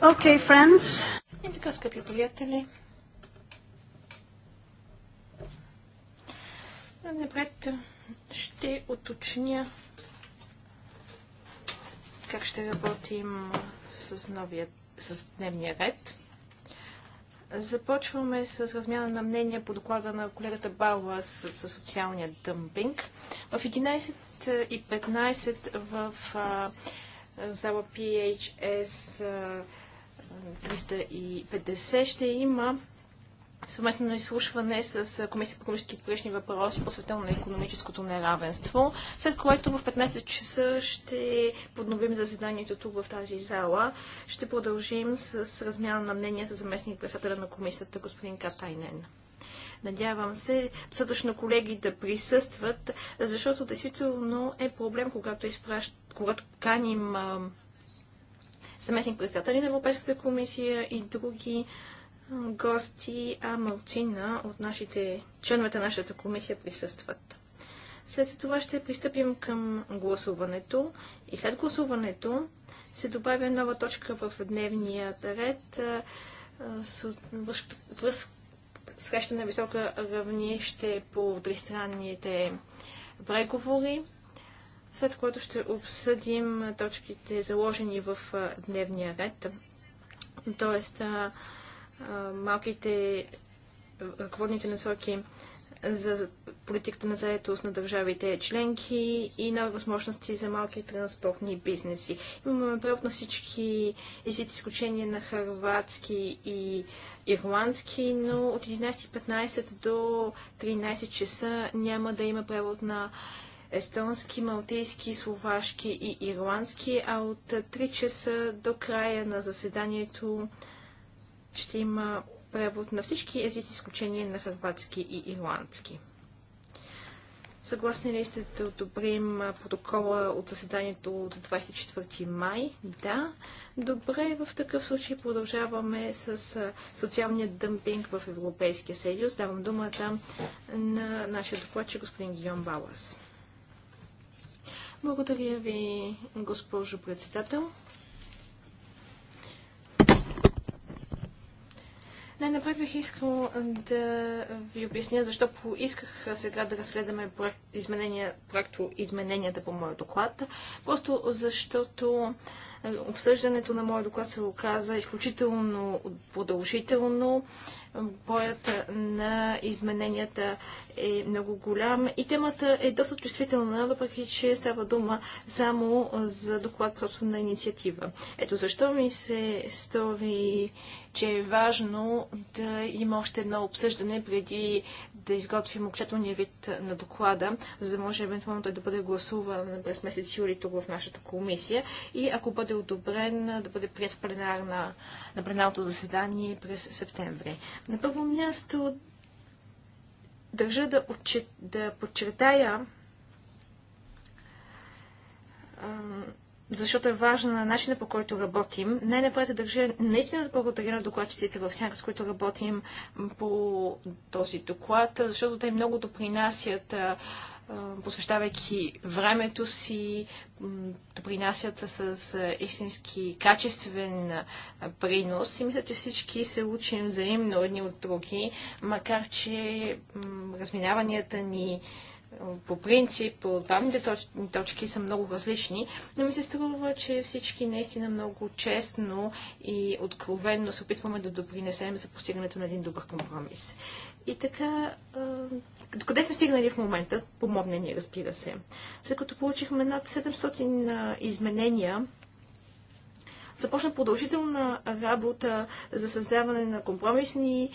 Okay, friends. И така, скъпи приятели. Напред ще уточня как ще работим с, новия, с дневния ред. Започваме с размяна на мнения по доклада на колегата Бауа с, с социалния дъмпинг. В 11 и 15 в а, зала PHS 350 ще има съвместно изслушване с комисията по економически и прилични въпроси, посветено на економическото неравенство, след което в 15 часа ще подновим заседанието тук в тази зала. Ще продължим с размяна на мнения с заместник председателя на комисията господин Катайнен. Надявам се достатъчно колеги да присъстват, защото действително е проблем, когато, изпращ... когато каним заместник председатели на Европейската комисия и други гости, а малцина от нашите членовете на нашата комисия присъстват. След това ще пристъпим към гласуването и след гласуването се добавя нова точка в дневния ред с среща на висока равнище по тристранните преговори след което ще обсъдим точките заложени в дневния ред, т.е. малките ръководните насоки за политиката на заетост на държавите членки и на възможности за малки транспортни бизнеси. Имаме превод на всички езици, изключение на харватски и ирландски, но от 11.15 до 13 часа няма да има превод на естонски, малтийски, словашки и ирландски, а от 3 часа до края на заседанието ще има превод на всички езици, изключение на хрватски и ирландски. Съгласни ли сте да одобрим протокола от заседанието от 24 май? Да. Добре, в такъв случай продължаваме с социалния дъмпинг в Европейския съюз. Давам думата на нашия докладчик господин Гион Балас. Благодаря ви, госпожо председател. Най-напред бих искал да ви обясня защо поисках сега да разгледаме проект, изменения, проекто измененията по моя доклад. Просто защото Обсъждането на моя доклад се оказа изключително продължително. Боят на измененията е много голям и темата е доста чувствителна, въпреки че става дума само за доклад по собствена инициатива. Ето защо ми се стори, че е важно да има още едно обсъждане преди да изготвим окончателния вид на доклада, за да може евентуално той да бъде гласуван през месец юли тук в нашата комисия. И ако бъде бъде одобрен, да бъде прият в пленарна, на пленарното заседание през септември. На първо място държа да, отчет, да подчертая, защото е важен на начина по който работим. Най-напред държа наистина да благодаря на докладчиците в сянка, с които работим по този доклад, защото те много допринасят посвещавайки времето си, допринасят с, с истински качествен принос и мисля, че всички се учим взаимно едни от други, макар че разминаванията ни по принцип от главните точки са много различни, но ми се струва, че всички наистина много честно и откровенно се опитваме да допринесем за постигането на един добър компромис. И така, къде сме стигнали в момента, помогне, ни, разбира се. След като получихме над 700 изменения, започна продължителна работа за създаване на компромисни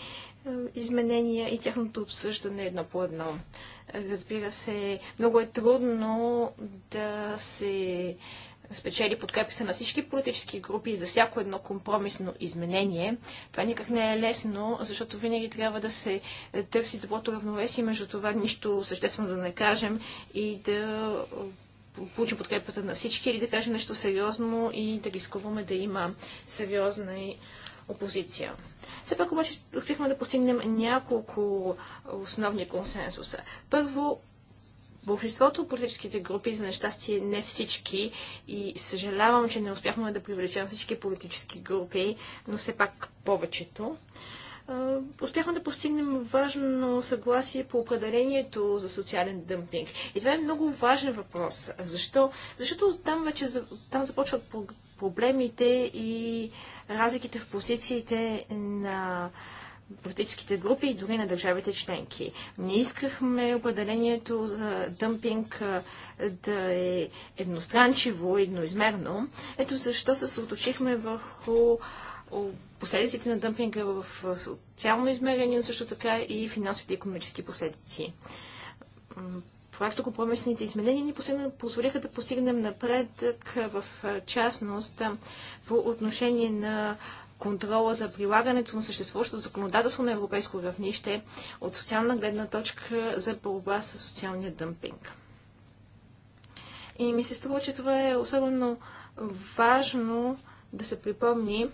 изменения и тяхното обсъждане едно по едно. Разбира се, много е трудно да се спечели подкрепите на всички политически групи за всяко едно компромисно изменение. Това никак не е лесно, защото винаги трябва да се търси доброто равновесие между това нищо съществено да не кажем и да получим подкрепата на всички или да кажем нещо сериозно и да рискуваме да има сериозна опозиция. Все пак обаче успяхме да постигнем няколко основни консенсуса. Първо, Большинството от политическите групи, за нещастие не всички, и съжалявам, че не успяхме да привлечем всички политически групи, но все пак повечето успяхме да постигнем важно съгласие по определението за социален дъмпинг. И това е много важен въпрос. Защо? Защото там вече там започват проблемите и разликите в позициите на политическите групи и дори на държавите членки. Не искахме определението за дъмпинг да е едностранчиво, едноизмерно. Ето защо се съоточихме върху последиците на дъмпинга в социално измерение, но също така и финансовите и економически последици. Проекто компромисните изменения ни позволиха да постигнем напредък в частност по отношение на контрола за прилагането на съществуващото законодателство на европейско равнище от социална гледна точка за борба с социалния дъмпинг. И ми се струва, че това е особено важно да се припомни,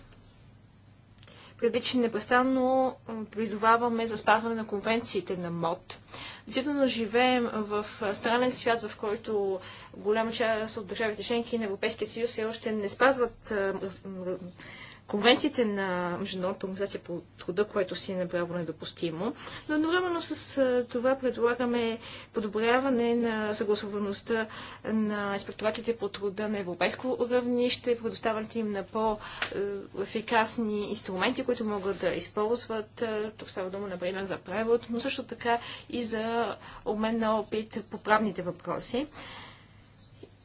предвид, че непрестанно призоваваме за спазване на конвенциите на МОД. Действително живеем в странен свят, в който голяма част от държавите членки на Европейския съюз все още не спазват конвенциите на Международната организация по труда, което си е направо недопустимо. Но едновременно с това предлагаме подобряване на съгласуваността на инспекторатите по труда на европейско равнище, предоставянето им на по-ефикасни инструменти, които могат да използват. Тук става дума, например, за превод, но също така и за обмен на опит по правните въпроси.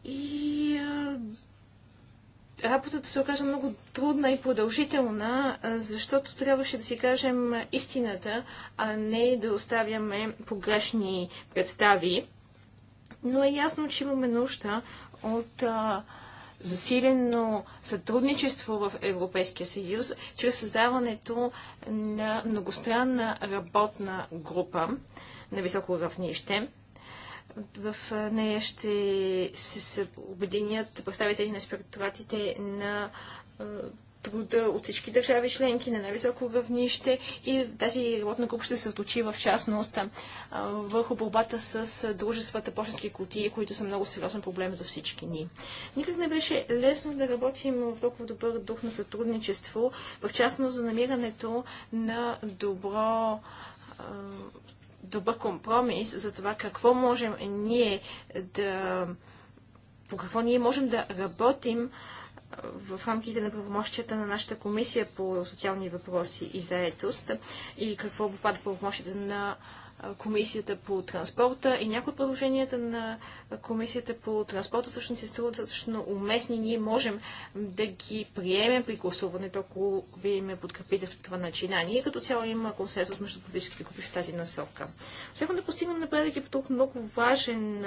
И работата се оказа много трудна и продължителна, защото трябваше да си кажем истината, а не да оставяме погрешни представи. Но е ясно, че имаме нужда от засилено сътрудничество в Европейския съюз, чрез създаването на многостранна работна група на високо равнище. В нея ще се обединят представители на инспекторатите на труда от всички държави членки на най-високо равнище и тази работна група ще се оточи в частност върху борбата с дружествата почтенски кутии, които са много сериозен проблем за всички ни. Никак не беше лесно да работим в толкова добър дух на сътрудничество, в частност за намирането на добро добър компромис за това какво можем ние да. по какво ние можем да работим в рамките на правомощията на нашата комисия по социални въпроси и заетост и какво попада в правомощията на Комисията по транспорта и някои от предложенията на Комисията по транспорта всъщност се струват достатъчно уместни. Ние можем да ги приемем при гласуването, ако вие ме подкрепите в това начинание. Като цяло има консенсус между политическите групи в тази насока. Очаквам да постигнем напредък и по толкова много важен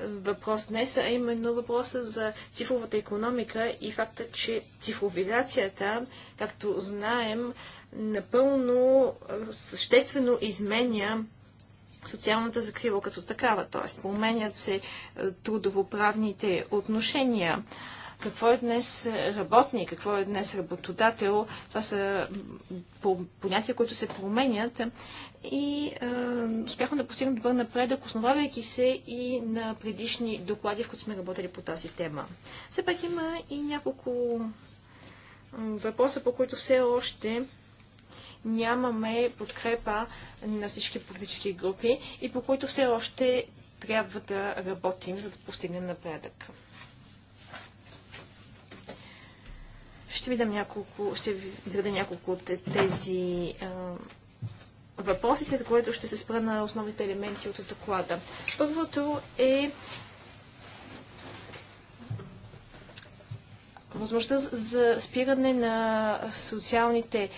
въпрос днес, а именно въпроса за цифровата економика и факта, че цифровизацията, както знаем, напълно съществено изменя социалната закрива като такава, т.е. променят се трудовоправните отношения. Какво е днес работник, какво е днес работодател, това са понятия, които се променят и е, успяхме да постигнем добър напредък, основавайки се и на предишни доклади, в които сме работили по тази тема. Все пак има и няколко въпроса, по които все още нямаме подкрепа на всички политически групи и по които все още трябва да работим, за да постигнем напредък. Ще ви дам няколко, ще ви изведа няколко от тези а, въпроси, след което ще се спра на основните елементи от доклада. Първото е възможността за спиране на социалните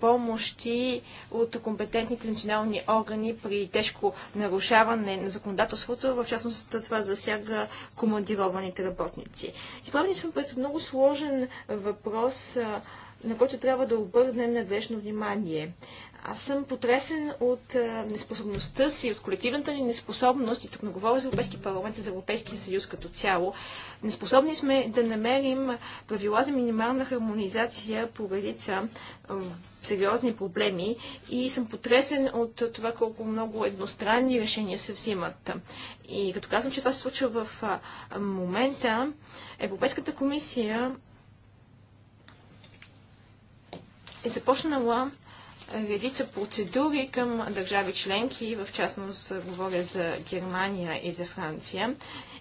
помощи от компетентните национални органи при тежко нарушаване на законодателството, в частност това засяга командированите работници. Изправени сме пред много сложен въпрос, на който трябва да обърнем надлежно внимание. Аз съм потресен от неспособността си, от колективната ни неспособност, и тук не говоря за Европейски парламент и за Европейския съюз като цяло. Неспособни сме да намерим правила за минимална хармонизация по редица сериозни проблеми и съм потресен от това колко много едностранни решения се взимат. И като казвам, че това се случва в момента, Европейската комисия е започнала редица процедури към държави членки, в частност говоря за Германия и за Франция.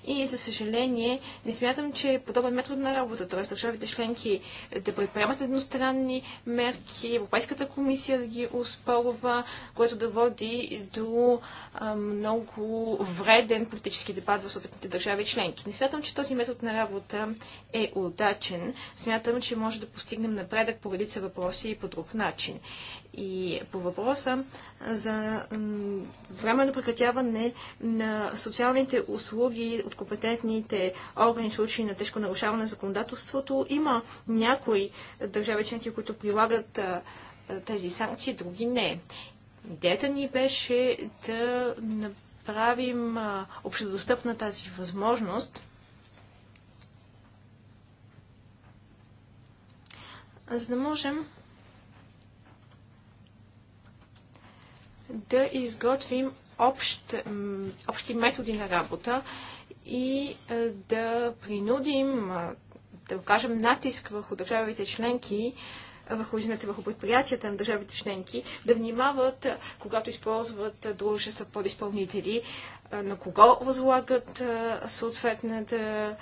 И за съжаление, не смятам, че е подобен метод на работа, т.е. държавите членки да предприемат едностранни мерки, Европейската комисия да ги успорва, което да води до много вреден политически дебат в съответните държави членки. Не смятам, че този метод на работа е удачен. Смятам, че може да постигнем напредък по редица въпроси и по друг начин. И по въпроса за временно прекратяване на социалните услуги от компетентните органи в случаи на тежко нарушаване на законодателството, има някои държави членки, които прилагат тези санкции, други не. Идеята ни беше да направим общодостъпна тази възможност, за да можем да изготвим общ, общи методи на работа и е, да принудим, да окажем натиск върху държавите членки, върху, извинете, върху предприятията на държавите членки, да внимават, е, когато използват е, дружества изпълнители, на кого възлагат съответната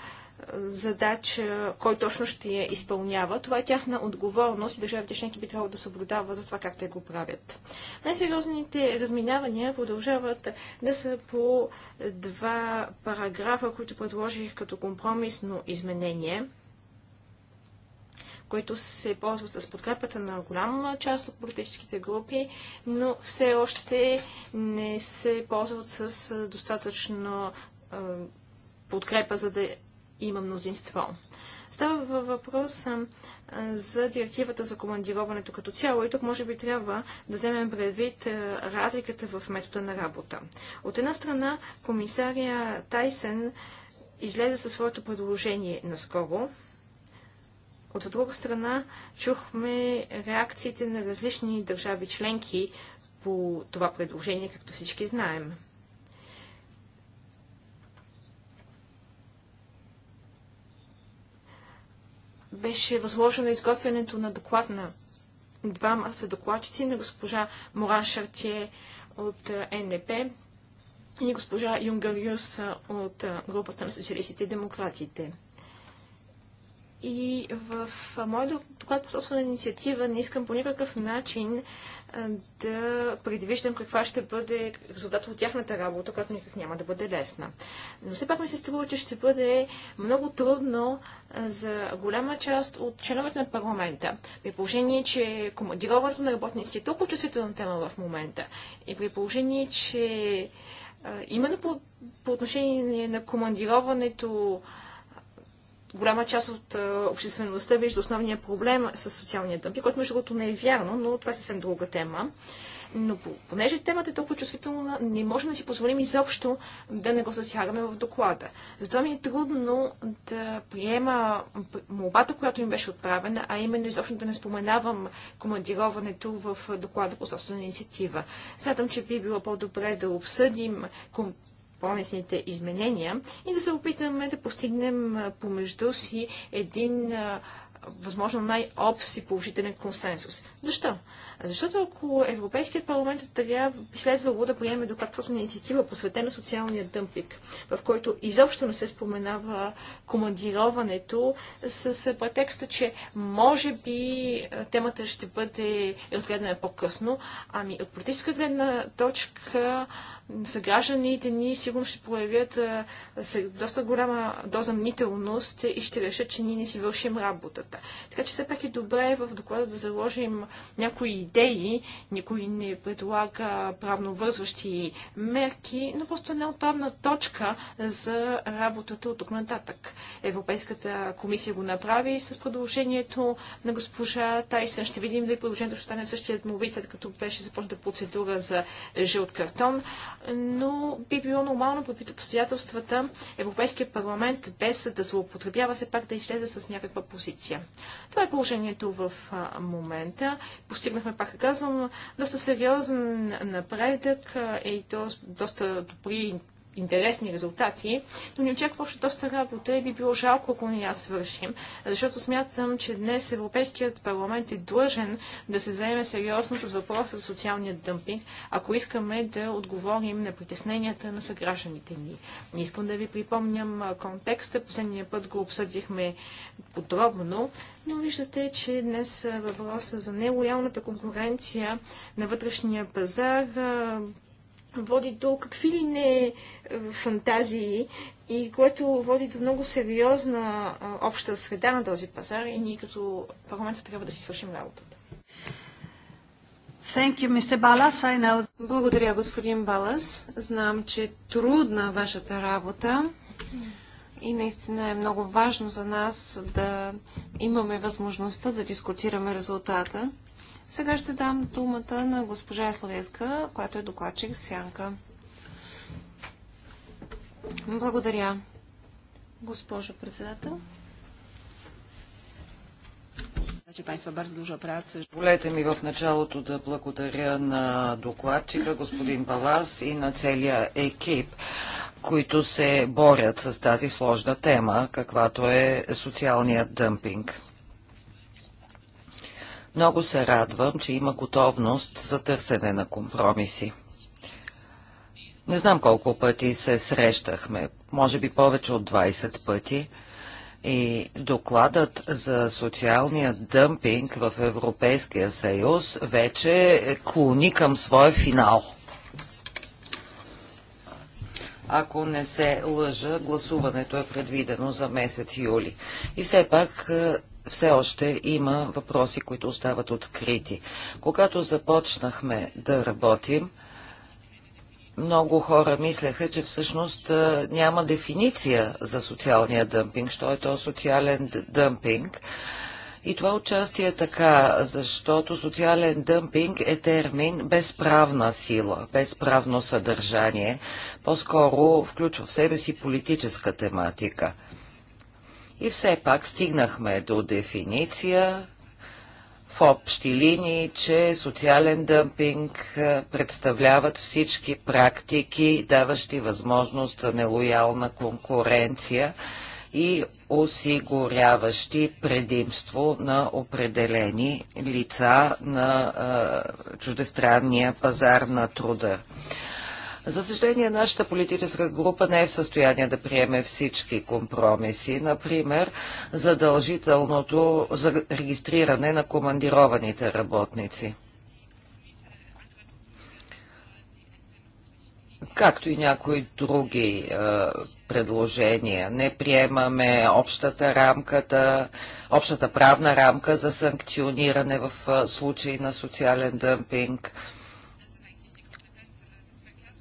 задача, кой точно ще я изпълнява. Това е тяхна отговорност и държавите членки би трябвало да съблюдава за това как те го правят. Най-сериозните разминавания продължават да са по два параграфа, които предложих като компромисно изменение които се ползват с подкрепата на голяма част от политическите групи, но все още не се ползват с достатъчно подкрепа, за да има мнозинство. Става въпрос за директивата за командироването като цяло и тук може би трябва да вземем предвид разликата в метода на работа. От една страна, комисария Тайсен излезе със своето предложение наскоро. От друга страна, чухме реакциите на различни държави членки по това предложение, както всички знаем. беше възложено изготвянето на доклад на двама са докладчици на госпожа Моран Шартие от НДП и госпожа Юнгър Юс от групата на социалистите и демократите. И в моят доклад по собствена инициатива не искам по никакъв начин да предвиждам каква ще бъде резултат от тяхната работа, която никак няма да бъде лесна. Но все пак ми се струва, че ще бъде много трудно за голяма част от членовете на парламента, при положение, че командироването на работниците е толкова чувствителна тема в момента и при положение, че именно по, по отношение на командироването голяма част от е, обществеността вижда основния проблем с социалния дъмпинг, който между другото не е вярно, но това е съвсем друга тема. Но понеже темата е толкова чувствителна, не можем да си позволим изобщо да не го засягаме в доклада. Затова ми е трудно да приема молбата, която им беше отправена, а именно изобщо да не споменавам командироването в доклада по собствена инициатива. Смятам, че би било по-добре да обсъдим по-лесните изменения и да се опитаме да постигнем помежду си един възможно най-общ и положителен консенсус. Защо? Защото ако Европейският парламент трябва, би следвало да приеме доклад собствена инициатива, посветена социалния дъмпик, в който изобщо не се споменава командироването, с претекста, че може би темата ще бъде разгледана по-късно. Ами от политическа гледна точка съгражданите ни сигурно ще проявят доста голяма доза мнителност и ще решат, че ние не си вършим работата. Така че все пак е добре в доклада да заложим някои идеи, никой не предлага правновързващи мерки, но просто една отправна точка за работата от тук нататък. Европейската комисия го направи с предложението на госпожа Тайсън. Ще видим дали предложението ще стане в същия му вид, след като беше започната процедура за жълт картон, но би било нормално предвид обстоятелствата Европейския парламент без да злоупотребява се пак да излезе с някаква позиция. Това е положението в момента. Постигнахме пак казвам, доста сериозен напредък и то доста добри интересни резултати, но ни очаква още доста работа и би било жалко, ако не я свършим, защото смятам, че днес Европейският парламент е длъжен да се заеме сериозно с въпроса за социалния дъмпинг, ако искаме да отговорим на притесненията на съгражданите ни. Не искам да ви припомням контекста, последния път го обсъдихме подробно, но виждате, че днес въпроса за нелоялната конкуренция на вътрешния пазар води до какви ли не е, фантазии и което води до много сериозна е, обща среда на този пазар и ние като парламента трябва да си свършим работата. You, Благодаря, господин Балас. Знам, че е трудна вашата работа и наистина е много важно за нас да имаме възможността да дискутираме резултата. Сега ще дам думата на госпожа Словецка, която е докладчик в Сянка. Благодаря, госпожо председател. Значи, Полете ми в началото да благодаря на докладчика, господин Палас и на целия екип, които се борят с тази сложна тема, каквато е социалният дъмпинг. Много се радвам, че има готовност за търсене на компромиси. Не знам колко пъти се срещахме, може би повече от 20 пъти. И докладът за социалния дъмпинг в Европейския съюз вече клони към своя финал. Ако не се лъжа, гласуването е предвидено за месец юли. И все пак все още има въпроси, които остават открити. Когато започнахме да работим, много хора мислеха, че всъщност няма дефиниция за социалния дъмпинг, що е то социален дъмпинг. И това отчасти е така, защото социален дъмпинг е термин без правна сила, без правно съдържание. По-скоро включва в себе си политическа тематика – и все пак стигнахме до дефиниция в общи линии, че социален дъмпинг е, представляват всички практики, даващи възможност за нелоялна конкуренция и осигуряващи предимство на определени лица на а, е, чуждестранния пазар на труда. За съжаление, нашата политическа група не е в състояние да приеме всички компромиси. Например, задължителното за регистриране на командированите работници. както и някои други е, предложения. Не приемаме общата, рамката, общата правна рамка за санкциониране в е, случай на социален дъмпинг.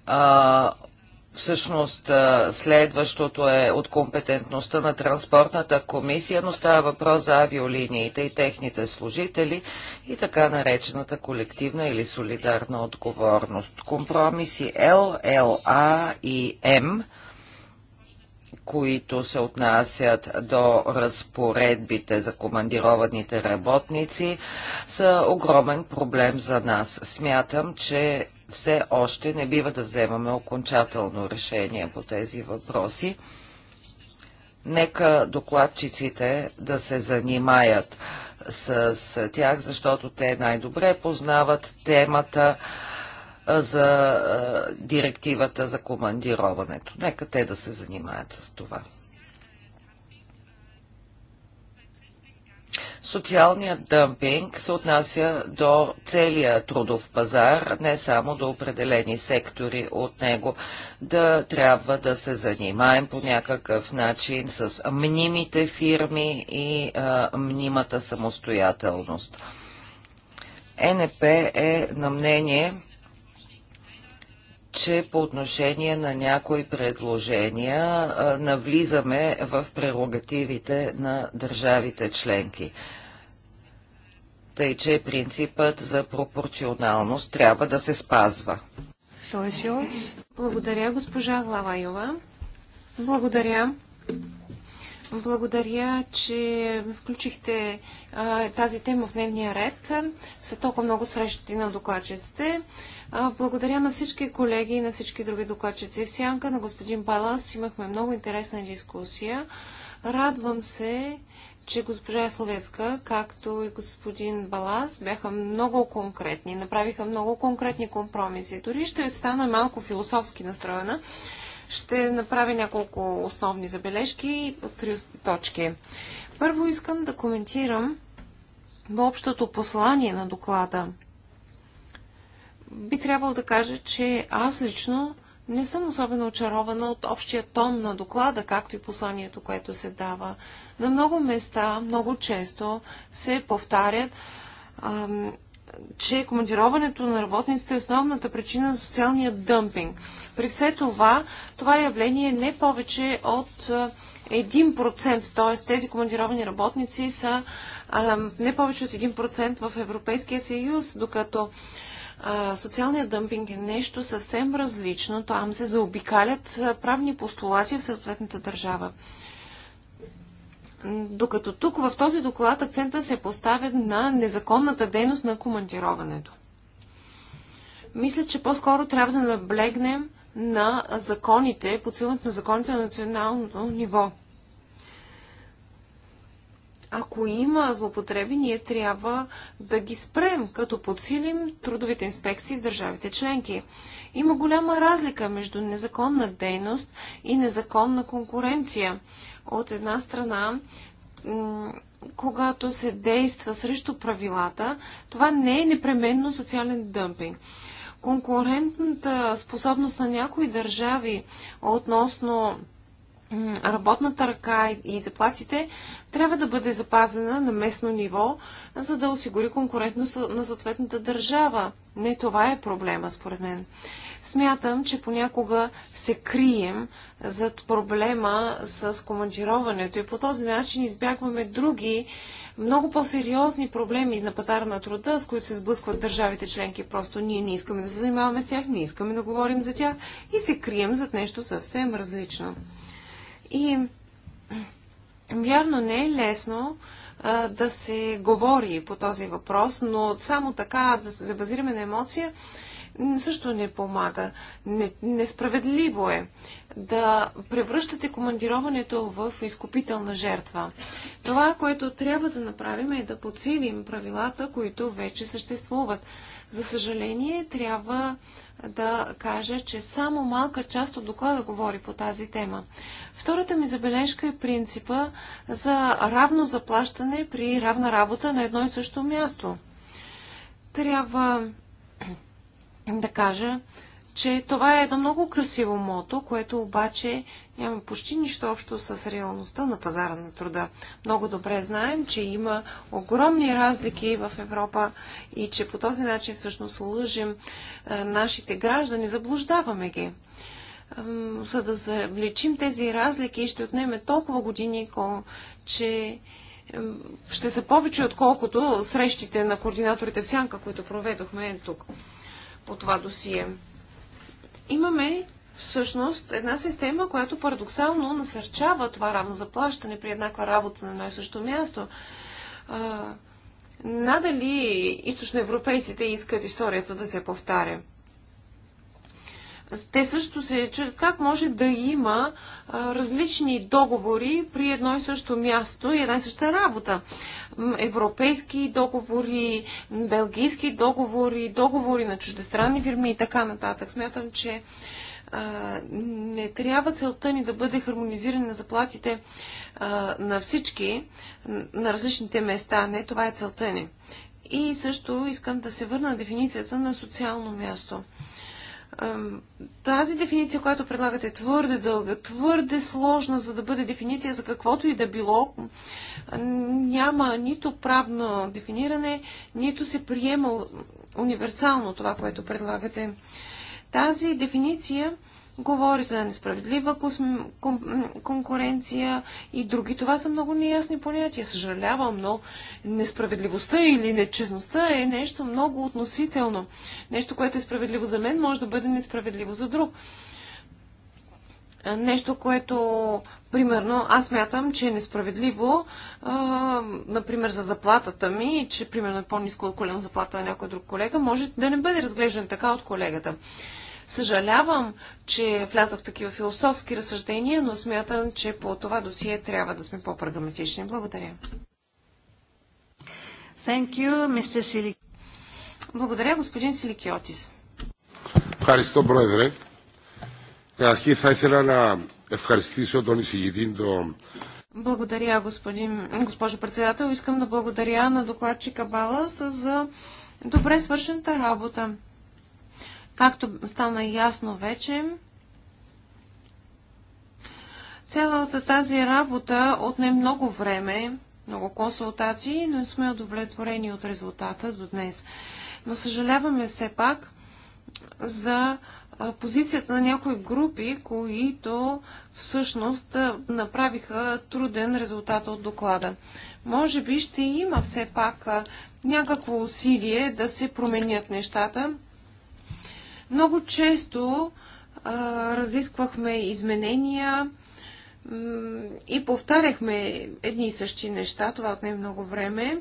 А, всъщност следващото е от компетентността на транспортната комисия, но става въпрос за авиолиниите и техните служители и така наречената колективна или солидарна отговорност. Компромиси L, L, A и М които се отнасят до разпоредбите за командированите работници, са огромен проблем за нас. Смятам, че все още не бива да вземаме окончателно решение по тези въпроси. Нека докладчиците да се занимаят с тях, защото те най-добре познават темата за директивата за командироването. Нека те да се занимаят с това. Социалният дъмпинг се отнася до целия трудов пазар, не само до определени сектори от него. Да трябва да се занимаем по някакъв начин с мнимите фирми и а, мнимата самостоятелност. Е НП е на мнение, че по отношение на някои предложения а, навлизаме в прерогативите на държавите членки. Тъй, че принципът за пропорционалност трябва да се спазва. Е Благодаря, госпожа Лавайова. Благодаря. Благодаря, че включихте а, тази тема в дневния ред. Са толкова много срещи на докладчиците. Благодаря на всички колеги и на всички други докладчици. В сянка на господин Палас имахме много интересна дискусия. Радвам се, че госпожа Словецка, както и господин Балас, бяха много конкретни, направиха много конкретни компромиси. Дори ще стана малко философски настроена. Ще направя няколко основни забележки и по три точки. Първо искам да коментирам общото послание на доклада – би трябвало да кажа, че аз лично не съм особено очарована от общия тон на доклада, както и посланието, което се дава. На много места, много често се повтарят, че командироването на работниците е основната причина за социалния дъмпинг. При все това, това явление е не повече от 1%, т.е. тези командировани работници са не повече от 1% в Европейския съюз, докато а, социалният дъмпинг е нещо съвсем различно. Там се заобикалят правни постулати в съответната държава. Докато тук в този доклад акцента се поставя на незаконната дейност на командироването. Мисля, че по-скоро трябва да наблегнем на законите, подсилването на законите на националното ниво ако има злопотреби, ние трябва да ги спрем, като подсилим трудовите инспекции в държавите членки. Има голяма разлика между незаконна дейност и незаконна конкуренция. От една страна, когато се действа срещу правилата, това не е непременно социален дъмпинг. Конкурентната способност на някои държави относно работната ръка и заплатите трябва да бъде запазена на местно ниво, за да осигури конкурентност на съответната държава. Не това е проблема, според мен. Смятам, че понякога се крием зад проблема с командироването и по този начин избягваме други, много по-сериозни проблеми на пазара на труда, с които се сблъскват държавите членки. Просто ние не искаме да се занимаваме с тях, не искаме да говорим за тях и се крием зад нещо съвсем различно. И вярно не е лесно а, да се говори по този въпрос, но само така да се базираме на емоция също не помага. Не, несправедливо е да превръщате командироването в изкупителна жертва. Това, което трябва да направим е да подсилим правилата, които вече съществуват. За съжаление, трябва да кажа, че само малка част от доклада говори по тази тема. Втората ми забележка е принципа за равно заплащане при равна работа на едно и също място. Трябва да кажа, че това е едно много красиво мото, което обаче няма почти нищо общо с реалността на пазара на труда. Много добре знаем, че има огромни разлики в Европа и че по този начин всъщност лъжим е, нашите граждани, заблуждаваме ги. За да завлечим тези разлики ще отнеме толкова години, че ще са повече, отколкото срещите на координаторите в Сянка, които проведохме тук по това досие. Имаме всъщност една система, която парадоксално насърчава това равно заплащане при еднаква работа на едно и също място. А, надали източноевропейците искат историята да се повтаря. Те също се чудят как може да има а, различни договори при едно и също място и една и съща работа. Европейски договори, белгийски договори, договори на чуждестранни фирми и така нататък. Смятам, че а, не трябва целта ни да бъде хармонизиране на заплатите а, на всички, на различните места. Не, това е целта ни. И също искам да се върна на дефиницията на социално място. Тази дефиниция, която предлагате, е твърде дълга, твърде сложна, за да бъде дефиниция за каквото и да било. Няма нито правно дефиниране, нито се приема универсално това, което предлагате. Тази дефиниция говори за несправедлива конкуренция и други. Това са много неясни понятия. Съжалявам, но несправедливостта или нечестността е нещо много относително. Нещо, което е справедливо за мен, може да бъде несправедливо за друг. Е, нещо, което, примерно, аз мятам, че е несправедливо, а, е, например, за заплатата ми, че, примерно, е по-низко колено заплата на някой друг колега, може да не бъде разглеждан така от колегата. Съжалявам, че влязах в такива философски разсъждения, но смятам, че по това досие трябва да сме по-прагматични. Благодаря. Thank you, Mr. Silik... Благодаря, господин Силикиотис. Харисто, бройдре. Καταρχήν θα ήθελα να ευχαριστήσω τον εισηγητή, τον благодаря, господин, госпожо председател. Искам да благодаря на докладчика Балас за добре свършената работа. Както стана ясно вече, цялата тази работа отне много време, много консултации, но сме удовлетворени от резултата до днес. Но съжаляваме все пак за позицията на някои групи, които всъщност направиха труден резултат от доклада. Може би ще има все пак някакво усилие да се променят нещата. Много често а, разисквахме изменения и повтаряхме едни и същи неща. Това отне много време.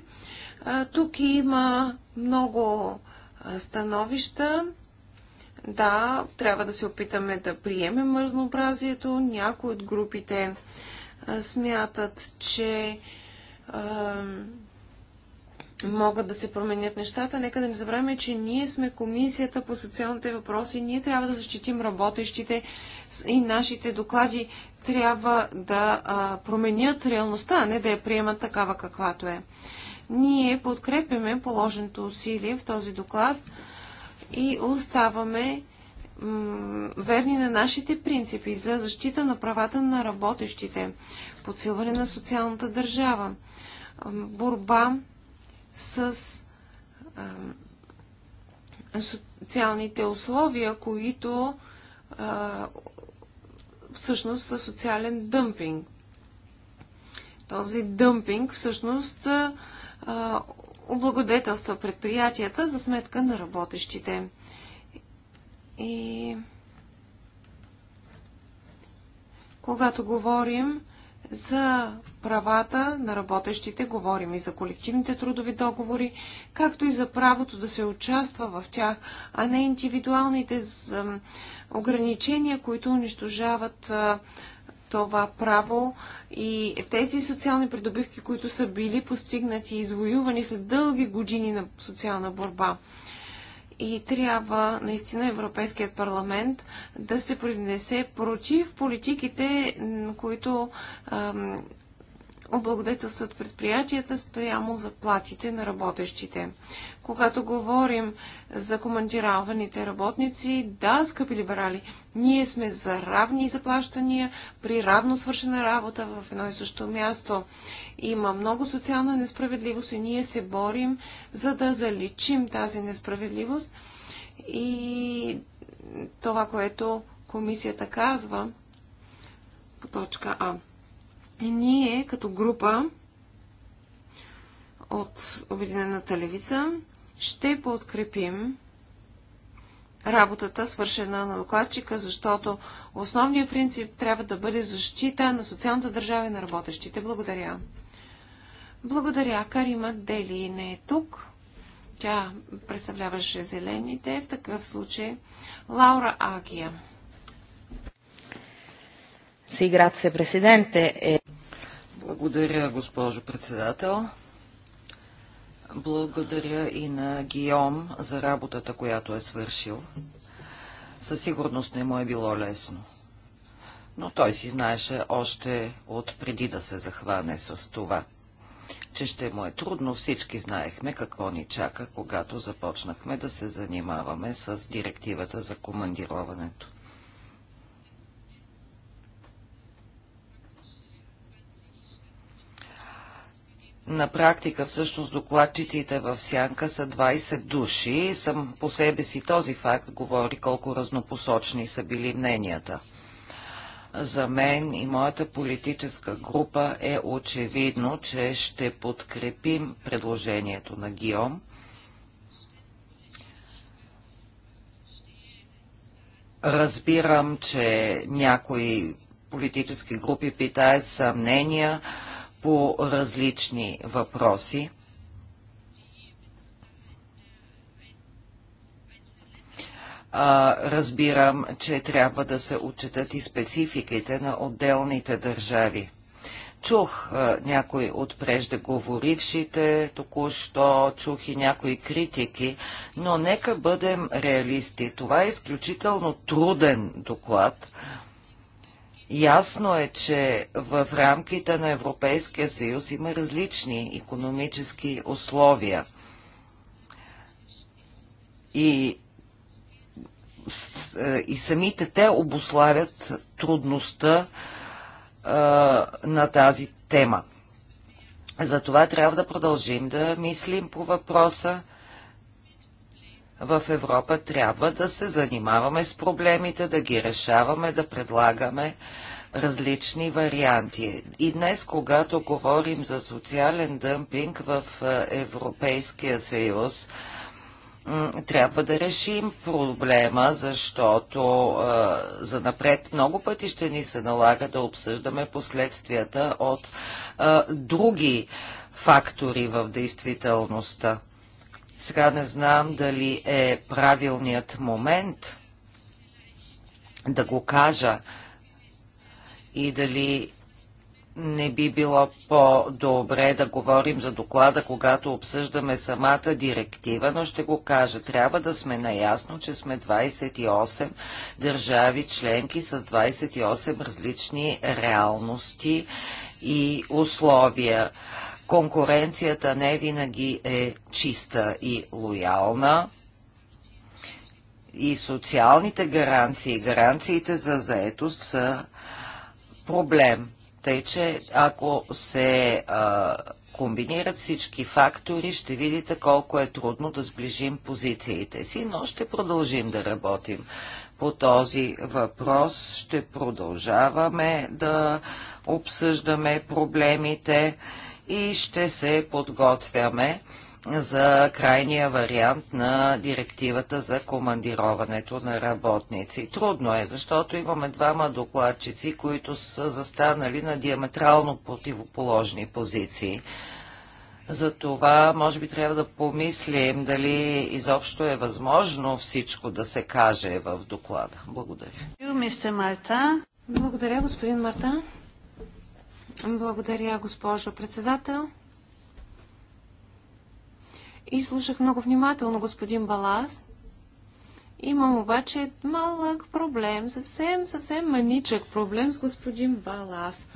А, тук има много становища да, трябва да се опитаме да приемем разнообразието. Някои от групите а, смятат, че а, могат да се променят нещата. Нека да не забравяме, че ние сме комисията по социалните въпроси. Ние трябва да защитим работещите и нашите доклади трябва да а, променят реалността, а не да я приемат такава каквато е. Ние подкрепяме положеното усилие в този доклад и оставаме верни на нашите принципи за защита на правата на работещите, подсилване на социалната държава, борба с социалните условия, които всъщност са социален дъмпинг. Този дъмпинг всъщност облагодетелства предприятията за сметка на работещите. И когато говорим за правата на работещите, говорим и за колективните трудови договори, както и за правото да се участва в тях, а не индивидуалните ограничения, които унищожават това право и тези социални придобивки, които са били постигнати и извоювани след дълги години на социална борба. И трябва наистина Европейският парламент да се произнесе против политиките, които ам, облагодетелстват предприятията спрямо заплатите на работещите. Когато говорим за командированите работници, да, скъпи либерали, ние сме за равни заплащания при равно свършена работа в едно и също място. Има много социална несправедливост и ние се борим за да заличим тази несправедливост. И това, което комисията казва по точка А и ние като група от Обединената левица ще подкрепим работата, свършена на докладчика, защото основният принцип трябва да бъде защита на социалната държава и на работещите. Благодаря. Благодаря. Карима Дели не е тук. Тя представляваше зелените. В такъв случай Лаура Агия. E- Благодаря, госпожо председател. Благодаря и на Гиом за работата, която е свършил. Със сигурност не му е било лесно. Но той си знаеше още от преди да се захване с това. Че ще му е трудно, всички знаехме какво ни чака, когато започнахме да се занимаваме с директивата за командироването. На практика всъщност докладчиците в Сянка са 20 души. Сам по себе си този факт говори колко разнопосочни са били мненията. За мен и моята политическа група е очевидно, че ще подкрепим предложението на Гиом. Разбирам, че някои политически групи питаят съмнения, по различни въпроси. разбирам, че трябва да се отчитат и спецификите на отделните държави. Чух някои от преждеговорившите, току-що чух и някои критики, но нека бъдем реалисти. Това е изключително труден доклад. Ясно е, че в рамките на Европейския съюз има различни економически условия. И, е, и самите те обославят трудността а, е, на тази тема. Затова трябва да продължим да мислим по въпроса в Европа трябва да се занимаваме с проблемите, да ги решаваме, да предлагаме различни варианти. И днес, когато говорим за социален дъмпинг в е, Европейския съюз, трябва да решим проблема, защото а, е, за напред много пъти ще ни се налага да обсъждаме последствията от а, е, други фактори в действителността. Сега не знам дали е правилният момент да го кажа и дали не би било по-добре да говорим за доклада, когато обсъждаме самата директива, но ще го кажа. Трябва да сме наясно, че сме 28 държави членки с 28 различни реалности и условия конкуренцията не винаги е чиста и лоялна и социалните гаранции, гаранциите за заетост са проблем. Тъй, че ако се а, комбинират всички фактори, ще видите колко е трудно да сближим позициите си, но ще продължим да работим по този въпрос. Ще продължаваме да обсъждаме проблемите и ще се подготвяме за крайния вариант на директивата за командироването на работници. Трудно е, защото имаме двама докладчици, които са застанали на диаметрално противоположни позиции. За това, може би, трябва да помислим дали изобщо е възможно всичко да се каже в доклада. Благодаря. Благодаря, господин Марта. Благодаря, госпожо председател. И слушах много внимателно господин Балас. Имам обаче малък проблем, съвсем, съвсем маничък проблем с господин Балас.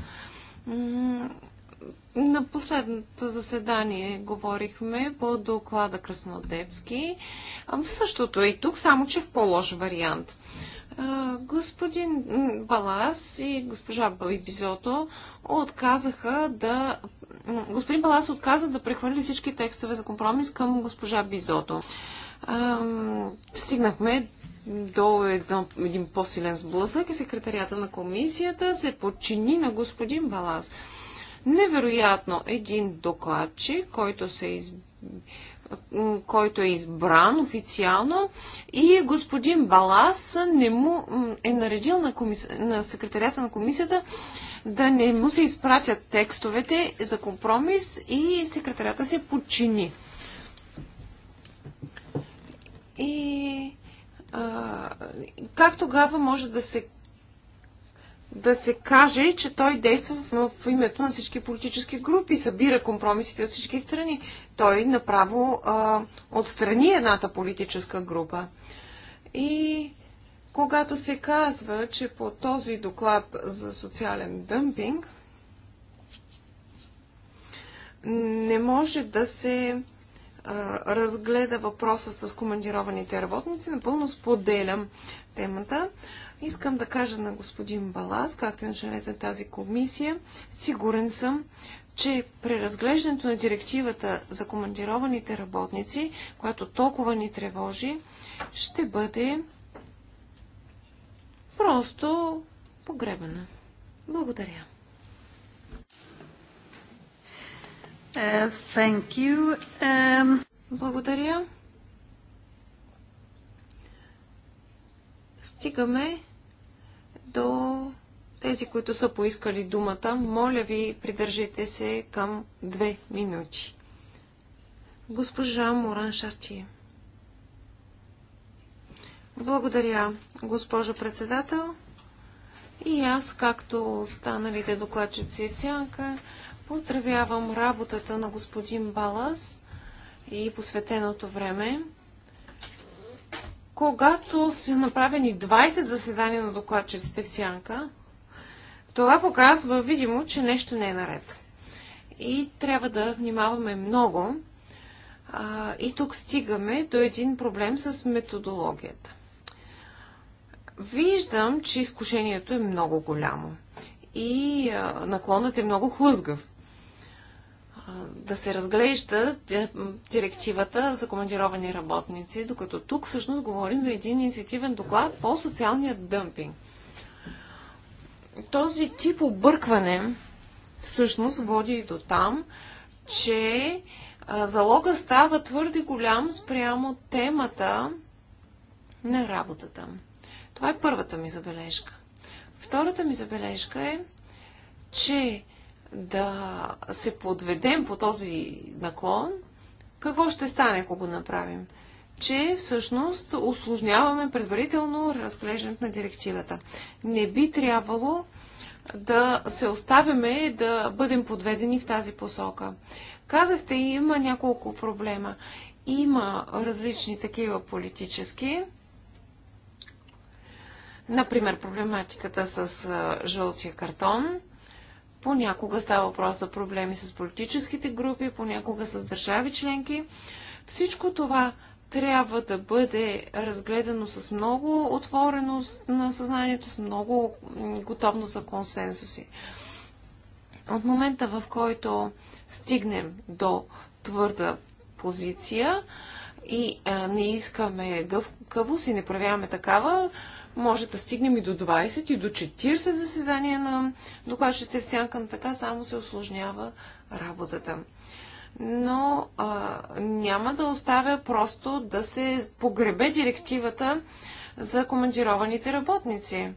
На последното заседание говорихме по доклада Краснодепски. Същото е и тук, само че в по-лош вариант господин Балас и госпожа Бизото отказаха да... Господин Балас отказа да прехвърли всички текстове за компромис към госпожа Бизото. Стигнахме до едно, един по-силен сблъсък и секретарията на комисията се подчини на господин Балас. Невероятно един докладчик, който се из който е избран официално и господин Балас не му е наредил на, комис... на секретарята на комисията да не му се изпратят текстовете за компромис и секретарята се подчини. И а, как тогава може да се да се каже, че той действа в името на всички политически групи, събира компромисите от всички страни. Той направо а, отстрани едната политическа група. И когато се казва, че по този доклад за социален дъмпинг не може да се а, разгледа въпроса с командированите работници, напълно споделям темата. Искам да кажа на господин Балас, както и на членовете на тази комисия, сигурен съм, че преразглеждането на директивата за командированите работници, която толкова ни тревожи, ще бъде просто погребана. Благодаря. Uh, thank you. Um... Благодаря. Стигаме до тези, които са поискали думата. Моля ви, придържайте се към две минути. Госпожа Моран Шартие. Благодаря, госпожо председател. И аз, както останалите докладчици в сянка, поздравявам работата на господин Балас и посветеното време когато са направени 20 заседания на докладчиците в Сянка, това показва видимо, че нещо не е наред. И трябва да внимаваме много. А, и тук стигаме до един проблем с методологията. Виждам, че изкушението е много голямо и а, наклонът е много хлъзгав да се разглежда е, директивата за командировани работници, докато тук всъщност говорим за един инициативен доклад по социалния дъмпинг. Този тип объркване всъщност води и до там, че залога става твърде голям спрямо темата на работата. Това е първата ми забележка. Втората ми забележка е, че да се подведем по този наклон, какво ще стане, ако го направим? Че всъщност осложняваме предварително разглеждането на директивата. Не би трябвало да се оставяме да бъдем подведени в тази посока. Казахте, има няколко проблема. Има различни такива политически. Например, проблематиката с жълтия картон. Понякога става въпрос за проблеми с политическите групи, понякога с държави членки. Всичко това трябва да бъде разгледано с много отвореност на съзнанието, с много готовност за консенсуси. От момента, в който стигнем до твърда позиция и а, не искаме гъвкавост и не проявяваме такава, може да стигнем и до 20 и до 40 заседания на докладчите в сянка, така само се осложнява работата. Но а, няма да оставя просто да се погребе директивата за командированите работници.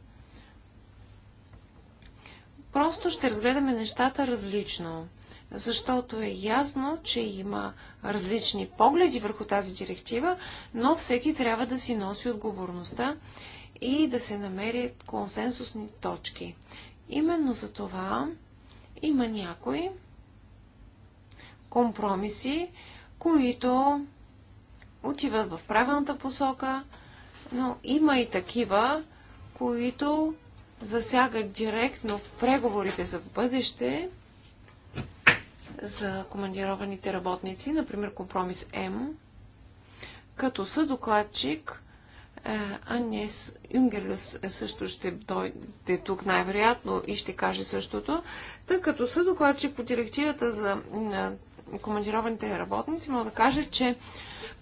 Просто ще разгледаме нещата различно, защото е ясно, че има различни погледи върху тази директива, но всеки трябва да си носи отговорността и да се намерят консенсусни точки. Именно за това има някои компромиси, които отиват в правилната посока, но има и такива, които засягат директно преговорите за бъдеще за командированите работници, например компромис М, като съдокладчик е, Анес Юнгелюс също ще дойде тук най-вероятно и ще каже същото, тъй като са докладчи по директивата за е, командированите работници, мога да кажа, че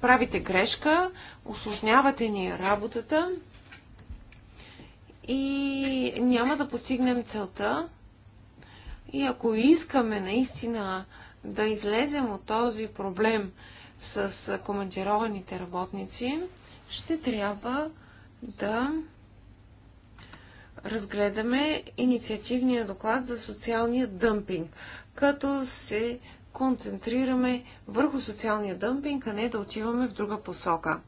правите грешка, осложнявате ни работата и няма да постигнем целта. И ако искаме наистина да излезем от този проблем с командированите работници, ще трябва да разгледаме инициативния доклад за социалния дъмпинг, като се концентрираме върху социалния дъмпинг, а не да отиваме в друга посока.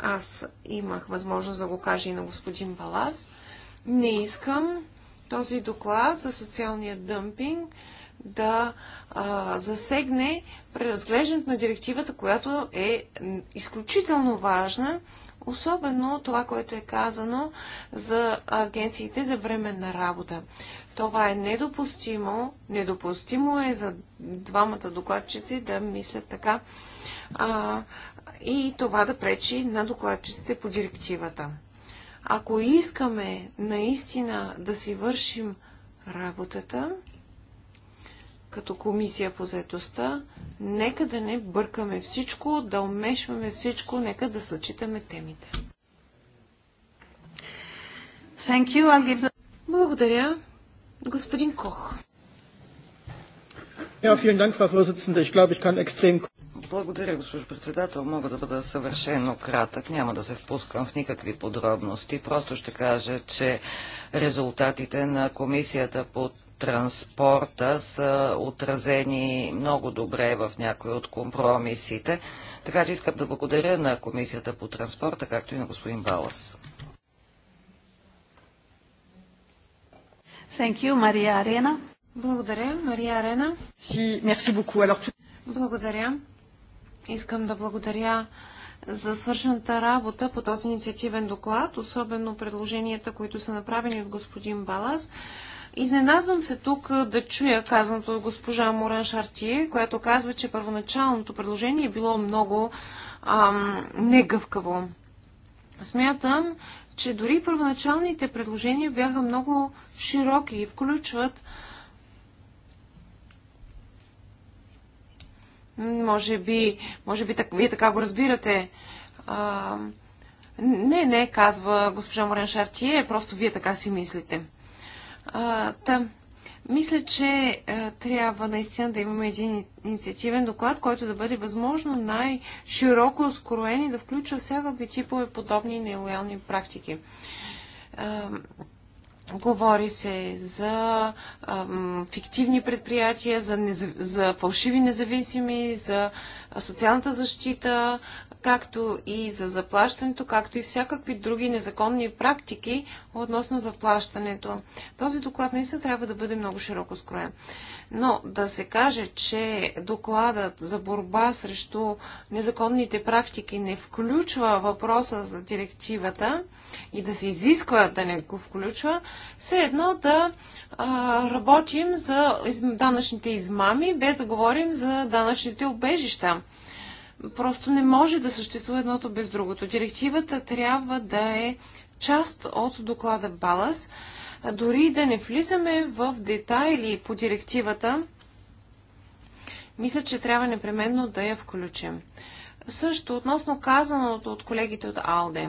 Аз имах възможност да го кажа и на господин Балас. Не искам този доклад за социалния дъмпинг да а, засегне преразглеждането на директивата, която е изключително важна, особено това, което е казано за агенциите за временна работа. Това е недопустимо. Недопустимо е за двамата докладчици да мислят така а, и това да пречи на докладчиците по директивата. Ако искаме наистина да си вършим работата, като комисия по заедостта, нека да не бъркаме всичко, да умешваме всичко, нека да съчитаме темите. The... Благодаря. Господин Кох. Dank, ich ich extrem... Благодаря, госпожо председател. Мога да бъда съвършено кратък. Няма да се впускам в никакви подробности. Просто ще кажа, че резултатите на комисията по транспорта са отразени много добре в някои от компромисите. Така че искам да благодаря на Комисията по транспорта, както и на господин Балас. Thank you, Мария Арена. Благодаря, Мария Арена. merci beaucoup. Alors... Благодаря. Искам да благодаря за свършената работа по този инициативен доклад, особено предложенията, които са направени от господин Балас. Изненадвам се тук да чуя казаното от госпожа Моран Шартие, която казва, че първоначалното предложение е било много ам, негъвкаво. Смятам, че дори първоначалните предложения бяха много широки и включват може би, може би так, вие така го разбирате. А, не, не, казва госпожа Морен Шартие, просто вие така си мислите. А, та, мисля, че а, е, трябва наистина да имаме един инициативен доклад, който да бъде възможно най-широко ускороен и да включва всякакви типове подобни нелоялни практики. А, е, Говори се за ам, фиктивни предприятия, за, за фалшиви независими, за социалната защита, както и за заплащането, както и всякакви други незаконни практики относно заплащането. Този доклад наистина трябва да бъде много широко скроен. Но да се каже, че докладът за борба срещу незаконните практики не включва въпроса за директивата и да се изисква да не го включва, все едно да а, работим за данъчните измами, без да говорим за данъчните обежища. Просто не може да съществува едното без другото. Директивата трябва да е част от доклада Балас, дори да не влизаме в детайли по директивата, мисля, че трябва непременно да я включим. Също относно казаното от колегите от АЛДЕ.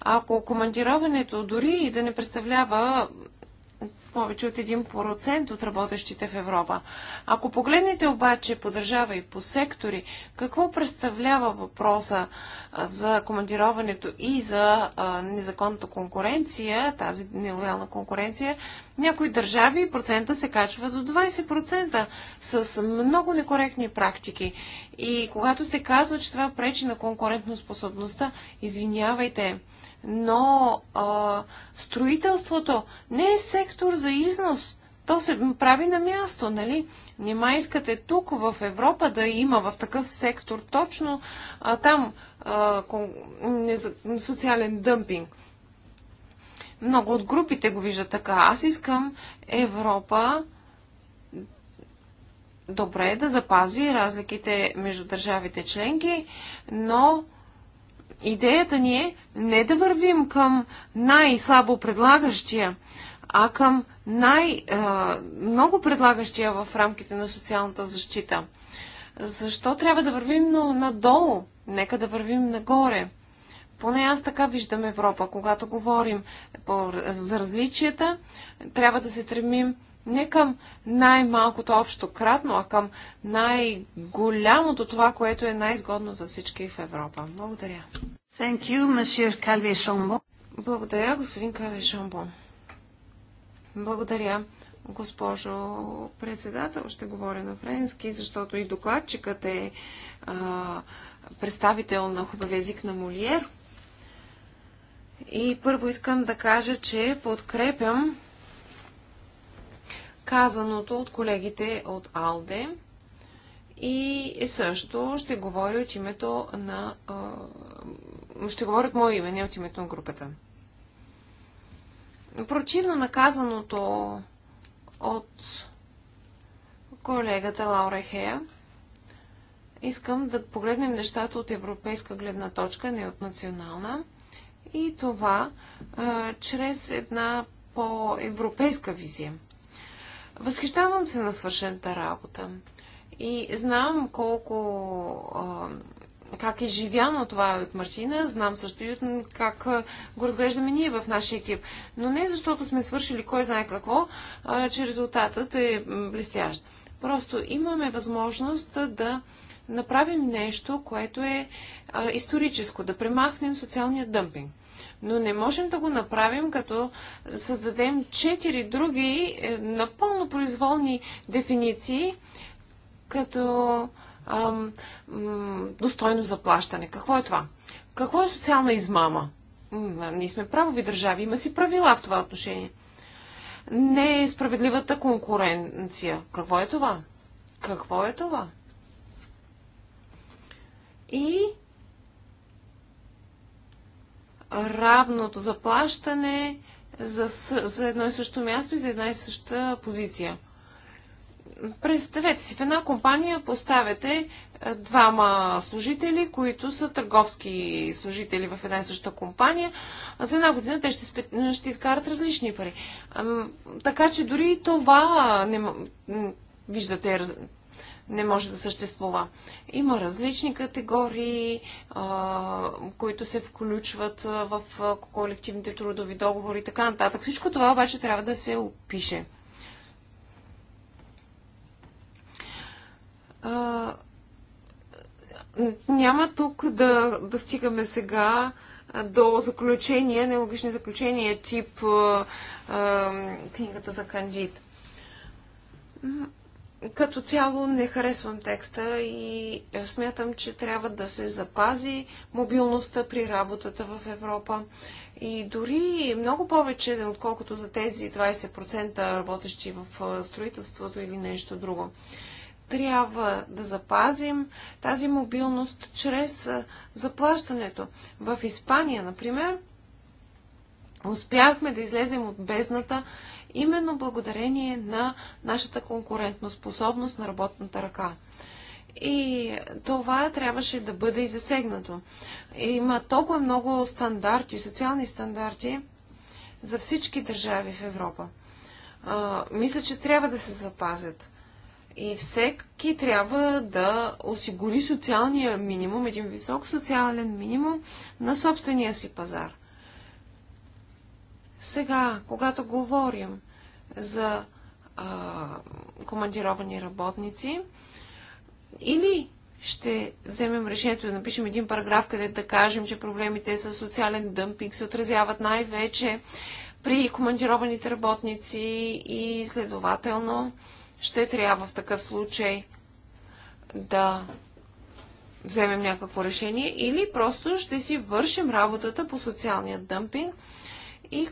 Ако командироването дори и да не представлява повече от 1% от работещите в Европа. Ако погледнете обаче по държава и по сектори, какво представлява въпроса за командироването и за незаконната конкуренция, тази нелоялна конкуренция, някои държави процента се качва до 20% с много некоректни практики. И когато се казва, че това пречи на конкурентоспособността, извинявайте, но а, строителството не е сектор за износ. То се прави на място, нали? Нима искате тук в Европа да има в такъв сектор точно а, там а, социален дъмпинг. Много от групите го виждат така. Аз искам Европа добре да запази разликите между държавите членки, но идеята ни е не да вървим към най-слабо предлагащия, а към най-много предлагащия в рамките на социалната защита. Защо трябва да вървим надолу? Нека да вървим нагоре. Поне аз така виждам Европа. Когато говорим за различията, трябва да се стремим не към най-малкото общо кратно, а към най-голямото това, което е най-изгодно за всички в Европа. Благодаря. Thank you, Monsieur Calvi Шомбон. Благодаря, господин Калви Шомбо. Благодаря, госпожо председател. Ще говоря на френски, защото и докладчикът е а, представител на хубав език на Молиер. И първо искам да кажа, че подкрепям казаното от колегите от АЛДЕ и също ще говоря от името на... Ще говоря от мое име, не от името на групата. Противно наказаното от колегата Лаура Хея, искам да погледнем нещата от европейска гледна точка, не от национална. И това а, чрез една по-европейска визия. Възхищавам се на свършената работа и знам колко как е живяно това от Мартина, знам също и от как го разглеждаме ние в нашия екип. Но не защото сме свършили кой знае какво, а, че резултатът е блестящ. Просто имаме възможност да направим нещо, което е а, историческо, да премахнем социалния дъмпинг. Но не можем да го направим, като създадем четири други е, напълно произволни дефиниции, като ам, м, достойно заплащане. Какво е това? Какво е социална измама? ние сме правови държави, има си правила в това отношение. Не е справедливата конкуренция. Какво е това? Какво е това? И равното заплащане за, за едно и също място и за една и съща позиция. Представете си, в една компания поставяте е, двама служители, които са търговски служители в една и съща компания. За една година те ще, спе... ще изкарат различни пари. Така че дори това не... виждате не може да съществува. Има различни категории, а, които се включват в колективните трудови договори и така нататък. Всичко това обаче трябва да се опише. А, няма тук да, да стигаме сега до заключения, нелогични заключения, тип а, книгата за кандид като цяло не харесвам текста и смятам, че трябва да се запази мобилността при работата в Европа. И дори много повече, отколкото за тези 20% работещи в строителството или нещо друго. Трябва да запазим тази мобилност чрез заплащането. В Испания, например, успяхме да излезем от бездната именно благодарение на нашата конкурентоспособност на работната ръка. И това трябваше да бъде и засегнато. Има толкова много стандарти, социални стандарти за всички държави в Европа. А, мисля, че трябва да се запазят. И всеки трябва да осигури социалния минимум, един висок социален минимум на собствения си пазар. Сега, когато говорим за а, командировани работници, или ще вземем решението да напишем един параграф, където да кажем, че проблемите с социален дъмпинг се отразяват най-вече при командированите работници и следователно ще трябва в такъв случай да вземем някакво решение или просто ще си вършим работата по социалния дъмпинг и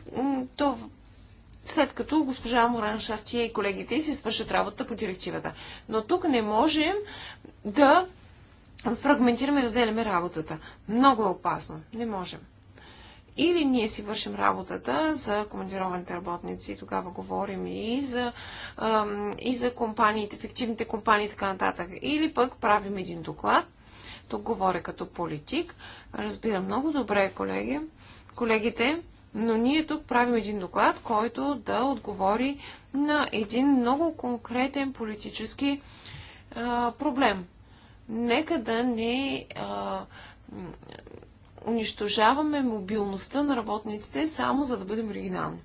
то, след като госпожа Моран Шартия и колегите си свършат работата по директивата. Но тук не можем да фрагментираме, разделяме работата. Много е опасно. Не можем. Или ние си вършим работата за командированите работници, тогава говорим и за, и за компаниите, фиктивните компании и така нататък. Или пък правим един доклад. Тук говоря като политик. Разбирам много добре, колеги. Колегите, но ние тук правим един доклад, който да отговори на един много конкретен политически а, проблем. Нека да не а, унищожаваме мобилността на работниците само за да бъдем оригинални.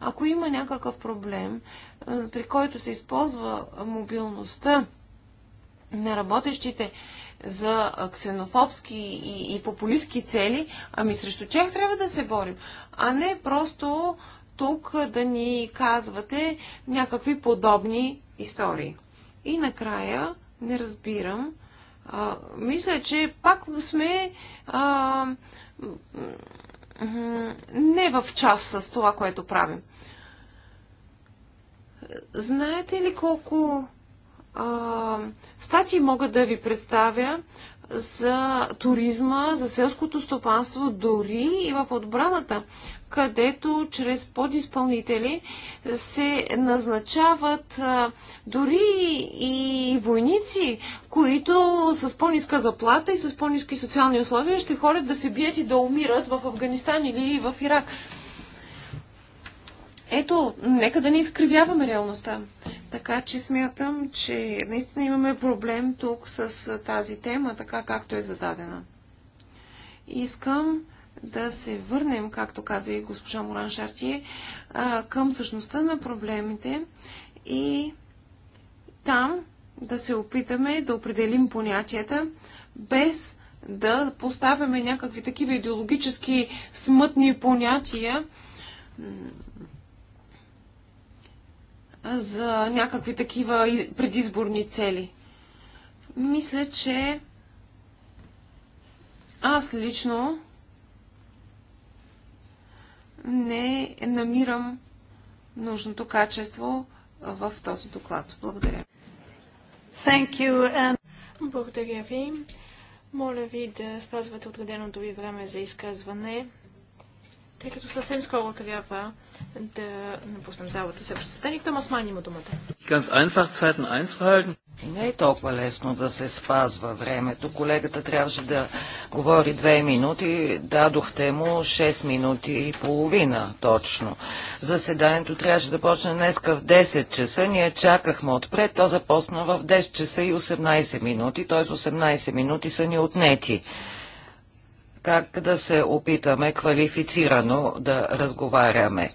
Ако има някакъв проблем, при който се използва мобилността на работещите за ксенофобски и, и популистски цели, ами срещу тях трябва да се борим, а не просто тук да ни казвате някакви подобни истории. И накрая, не разбирам, а, мисля, че пак сме а, не в час с това, което правим. Знаете ли колко а, статии мога да ви представя за туризма, за селското стопанство, дори и в отбраната, където чрез подизпълнители се назначават а, дори и войници, които с по-ниска заплата и с по-низки социални условия ще ходят да се бият и да умират в Афганистан или в Ирак. Ето, нека да не изкривяваме реалността. Така че смятам, че наистина имаме проблем тук с тази тема, така както е зададена. Искам да се върнем, както каза и госпожа Моран Шартие, към същността на проблемите и там да се опитаме да определим понятията без да поставяме някакви такива идеологически смътни понятия, за някакви такива предизборни цели. Мисля, че аз лично не намирам нужното качество в този доклад. Благодаря. Thank you and... Благодаря ви. Моля ви да спазвате отреденото ви време за изказване тъй като съвсем скоро трябва да напуснем залата. Също състани Томас Ман има думата. Не е толкова лесно да се спазва времето. Колегата трябваше да говори две минути. Дадохте му 6 минути и половина точно. Заседанието трябваше да почне днеска в 10 часа. Ние чакахме отпред. То започна в 10 часа и 18 минути. Т.е. 18 минути са ни отнети как да се опитаме квалифицирано да разговаряме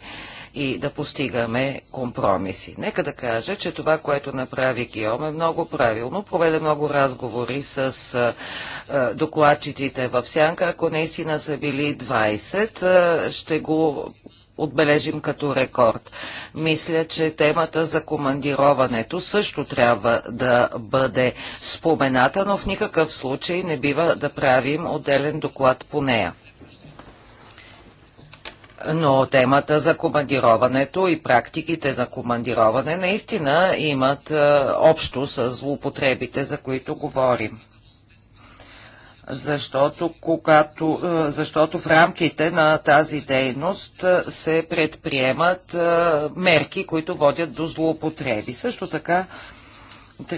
и да постигаме компромиси. Нека да кажа, че това, което направи Гиом е много правилно. Проведе много разговори с докладчиците в Сянка. Ако наистина са били 20, ще го отбележим като рекорд. Мисля, че темата за командироването също трябва да бъде спомената, но в никакъв случай не бива да правим отделен доклад по нея. Но темата за командироването и практиките на командироване наистина имат е, общо с злоупотребите, за които говорим защото, когато, е, защото в рамките на тази дейност е, се предприемат е, мерки, които водят до злоупотреби. Също така,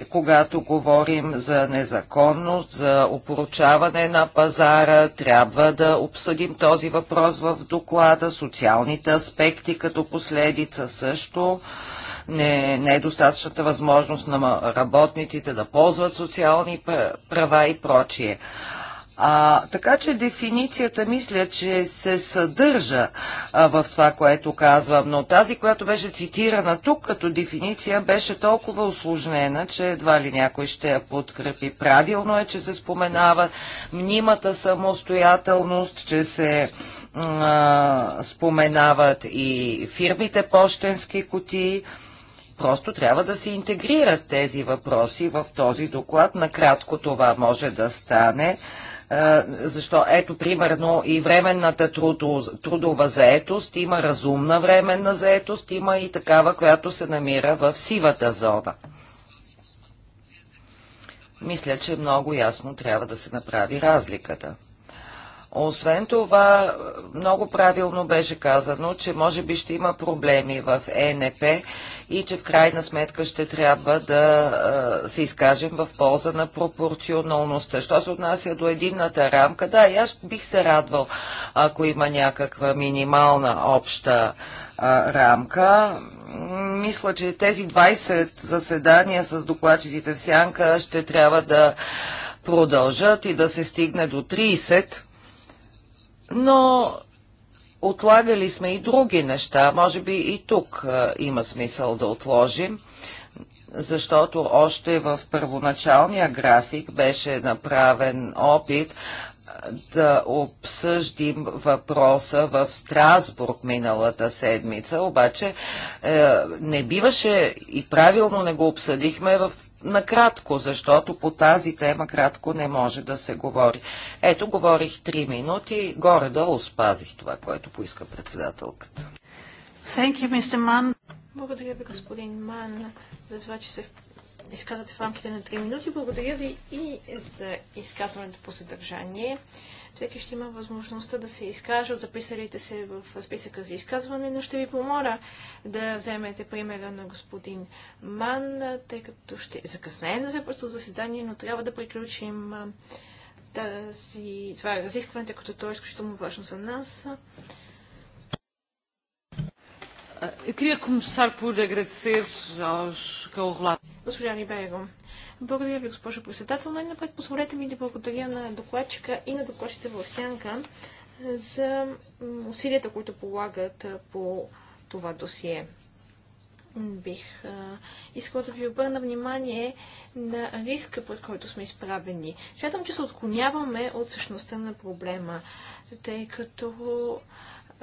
когато говорим за незаконност, за опоручаване на пазара, трябва да обсъдим този въпрос в доклада, социалните аспекти като последица също не, не е достатъчната възможност на работниците да ползват социални права и прочие. А, така че дефиницията мисля, че се съдържа а, в това, което казвам, но тази, която беше цитирана тук като дефиниция, беше толкова осложнена, че едва ли някой ще я подкрепи. Правилно е, че се споменава мнимата самостоятелност, че се а, споменават и фирмите почтенски кутии. Просто трябва да се интегрират тези въпроси в този доклад. Накратко това може да стане е, защо ето примерно и временната трудова заетост, има разумна временна заетост, има и такава, която се намира в сивата зона. Мисля, че много ясно трябва да се направи разликата. Освен това, много правилно беше казано, че може би ще има проблеми в ЕНП и че в крайна сметка ще трябва да се изкажем в полза на пропорционалността. Що се отнася до единната рамка, да, и аз бих се радвал, ако има някаква минимална обща а, рамка. Мисля, че тези 20 заседания с докладчиците в Сянка ще трябва да продължат и да се стигне до 30 но отлагали сме и други неща. Може би и тук има смисъл да отложим, защото още в първоначалния график беше направен опит да обсъждим въпроса в Страсбург миналата седмица, обаче е, не биваше и правилно не го обсъдихме в накратко, защото по тази тема кратко не може да се говори. Ето, говорих три минути, горе-долу спазих това, което поиска председателката. Thank you, Mr. Mann. Благодаря ви, господин Ман, за това, че се изказвате в рамките на 3 минути. Благодаря ви и за изказването по съдържание. Всеки ще има възможността да се изкаже от записалите се в списъка за изказване, но ще ви помоля да вземете примера на господин Ман, тъй като ще закъснеем за просто заседание, но трябва да приключим тази, това е разискване, тъй като то е изключително важно за нас. Eu queria começar por agradecer aos Госпожа Рибейро, благодаря ви, госпожо председател. Най-напред позволете ми да благодаря на докладчика и на докладчите в Сянка за усилията, които полагат по това досие. Бих а, искала да ви обърна внимание на риска, под който сме изправени. Смятам, че се отклоняваме от същността на проблема, тъй като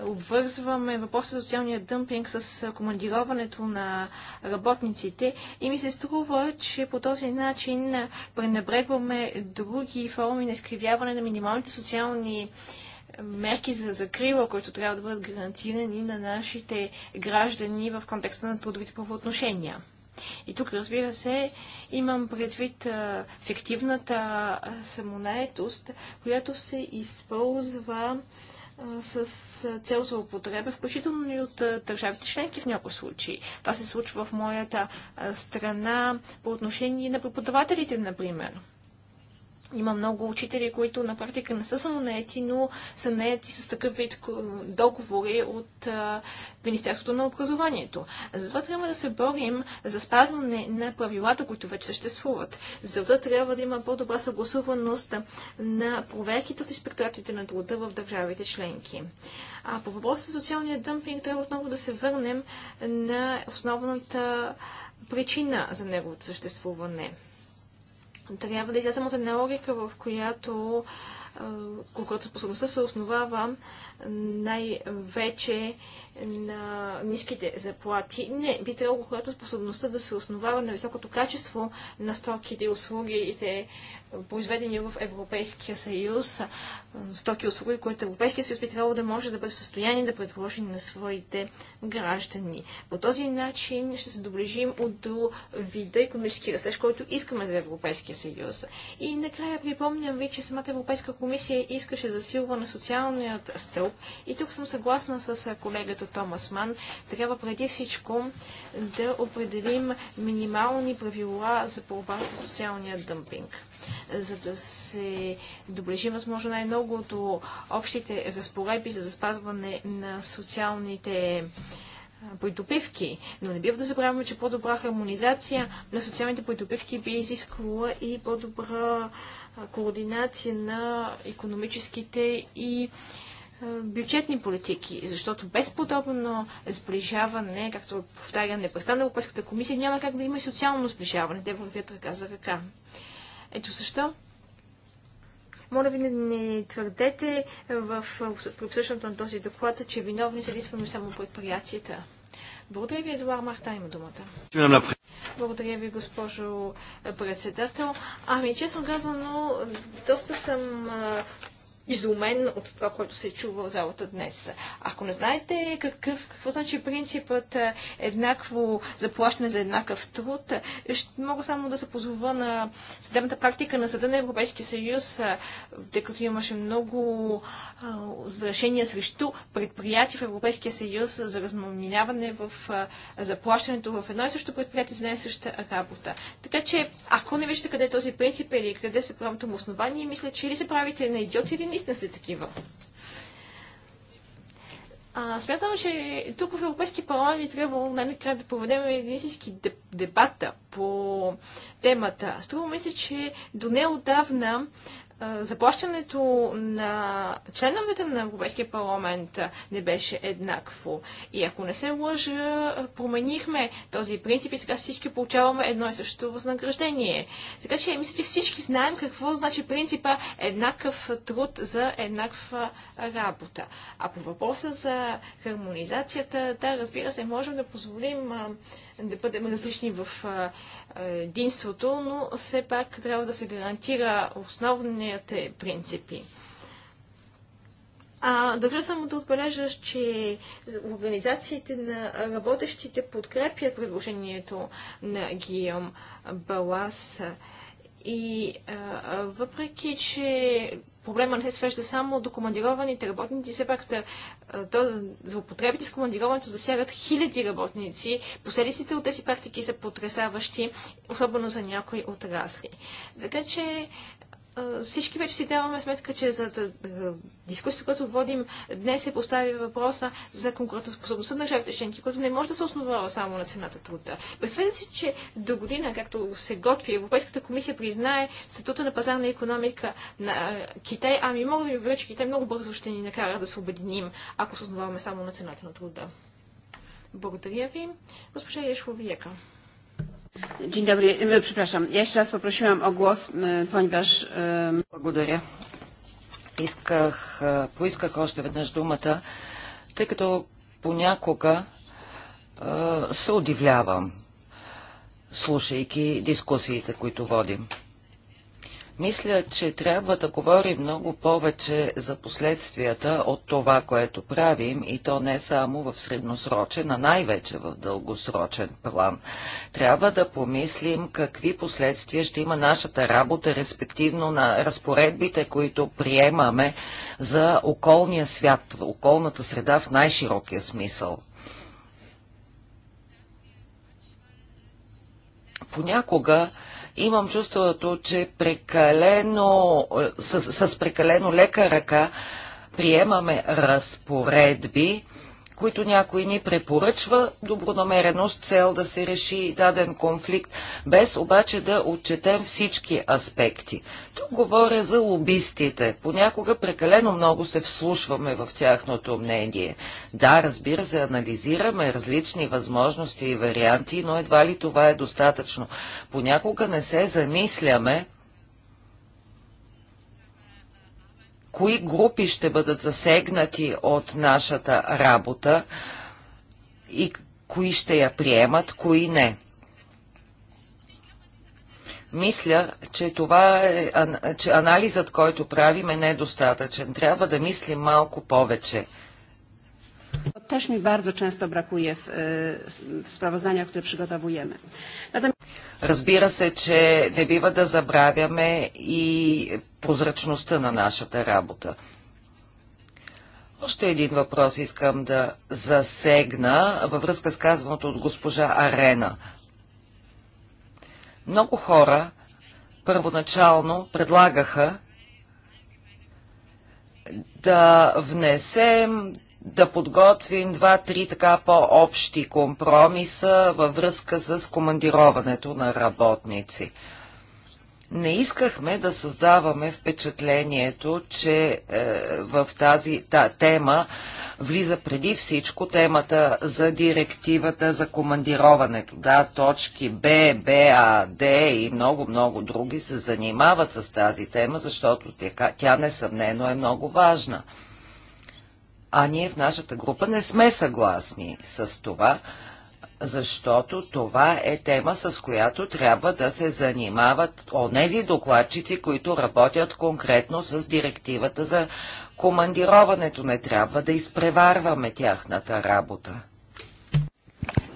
обвързваме въпроса за социалния дъмпинг с командироването на работниците и ми се струва, че по този начин пренебрегваме други форми на изкривяване на минималните социални е, мерки за закрила, които трябва да бъдат гарантирани на нашите граждани в контекста на трудовите правоотношения. И тук, разбира се, имам предвид е, фиктивната е, самонаетост, която се използва с цел за употреба, включително и от държавите членки в някои случаи. Това се случва в моята страна по отношение на преподавателите, например. Има много учители, които на практика не са само наети, но са наети с такъв вид договори от Министерството на образованието. Затова трябва да се борим за спазване на правилата, които вече съществуват. Затова трябва да има по-добра съгласуваност на проверките от инспекторатите на труда в държавите членки. А по въпроса за социалния дъмпинг трябва отново да се върнем на основната причина за неговото съществуване – трябва да излезем от една логика, в която конкурентоспособността се основава най-вече на ниските заплати. Не, би трябвало конкурентоспособността да се основава на високото качество на стоките и услугите, произведени в Европейския съюз стоки и услуги, които Европейския съюз би трябвало да може да бъде в състояние да предложи на своите граждани. По този начин ще се доближим от до вида економически растеж, който искаме за Европейския съюз. И накрая припомням ви, че самата Европейска комисия искаше засилване на социалният стълб. И тук съм съгласна с колегата Томас Ман. Трябва преди всичко да определим минимални правила за борба с социалния дъмпинг за да се доближи възможно най-много до общите разпоредби за спазване на социалните притопивки, но не бива да забравяме, че по-добра хармонизация на социалните притопивки би изисквала и по-добра координация на економическите и бюджетни политики, защото без подобно сближаване, както повтаря непрестанно Европейската комисия, няма как да има социално сближаване. Те вървят ръка за ръка. Ето защо. Моля ви, не, не твърдете в обсъждането на този доклад, че виновни са единствено само предприятията. Благодаря ви, Едуар Марта, има думата. Благодаря ви, госпожо председател. Ами, честно казано, доста съм изумен от това, което се е чува в залата днес. Ако не знаете какъв, какво значи принципът е, еднакво заплащане за еднакъв труд, е, ще мога само да се позова на съдебната практика на Съда на Европейския съюз, е, тъй като имаше много решения срещу предприятия в Европейския съюз за разминаване в заплащането в едно и също предприятие за една и съща работа. Така че, ако не виждате къде е този принцип или къде се правното му основание, мисля, че или се правите на идиоти или не наистина са такива. А, смятам, че тук в Европейски парламент би трябвало най-накрая да проведем един истински дебата по темата. Струва ми се, че до неодавна заплащането на членовете на Европейския парламент не беше еднакво. И ако не се лъжа, променихме този принцип и сега всички получаваме едно и също възнаграждение. Така че мисля, че всички знаем какво значи принципа еднакъв труд за еднаква работа. А по въпроса за хармонизацията, да, разбира се, можем да позволим да бъдем различни в единството, но все пак трябва да се гарантира основните принципи. А, държа само да отбележа, че организациите на работещите подкрепят предложението на Гиом Балас. И а, въпреки, че проблема не се свежда само до командированите работници, все пак да, злоупотребите с командироването засягат хиляди работници. Последиците от тези практики са потрясаващи, особено за някои отрасли. Така че всички вече си даваме сметка, че за дискусията, която водим днес, се поставя въпроса за конкурентоспособността на държавите членки, което не може да се основава само на цената труда. Представете си, че до година, както се готви, Европейската комисия признае статута на пазарна економика на Китай. Ами мога да ви уверя, че Китай много бързо ще ни накара да се обединим, ако се основаваме само на цената на труда. Благодаря ви. Госпожа Ешховияка. Dzień dobry, e, przepraszam. Ja jeszcze raz poprosiłam o głos, e, ponieważ... E, Благодаря. Исках, е, поисках още веднъж думата, тъй като понякога е, се удивлявам, слушайки дискусиите, които водим. Мисля, че трябва да говорим много повече за последствията от това, което правим, и то не само в средносрочен, а най-вече в дългосрочен план. Трябва да помислим какви последствия ще има нашата работа, респективно на разпоредбите, които приемаме за околния свят, околната среда в най-широкия смисъл. Понякога Имам чувството, че прекалено, с, с прекалено лека ръка приемаме разпоредби, които някой ни препоръчва добронамерено с цел да се реши даден конфликт, без обаче да отчетем всички аспекти. Тук говоря за лобистите. Понякога прекалено много се вслушваме в тяхното мнение. Да, разбира се, анализираме различни възможности и варианти, но едва ли това е достатъчно. Понякога не се замисляме кои групи ще бъдат засегнати от нашата работа и кои ще я приемат, кои не. Мисля, че, това е, че анализът, който правим е недостатъчен. Трябва да мислим малко повече. Też mi bardzo często brakuje w, e, w sprawozdaniach, które przygotowujemy. Natomiast... Разбира се, че не бива да забравяме и прозрачността на нашата работа. Още един въпрос искам да засегна във връзка с казаното от госпожа Арена. Много хора първоначално предлагаха да внесем да подготвим два-три така по-общи компромиса във връзка с командироването на работници. Не искахме да създаваме впечатлението, че е, в тази та, тема влиза преди всичко темата за директивата за командироването. Да, точки Б, Б, А, Д и много-много други се занимават с тази тема, защото тя, тя несъмнено е много важна. А ние в нашата група не сме съгласни с това, защото това е тема, с която трябва да се занимават онези докладчици, които работят конкретно с директивата за командироването. Не трябва да изпреварваме тяхната работа.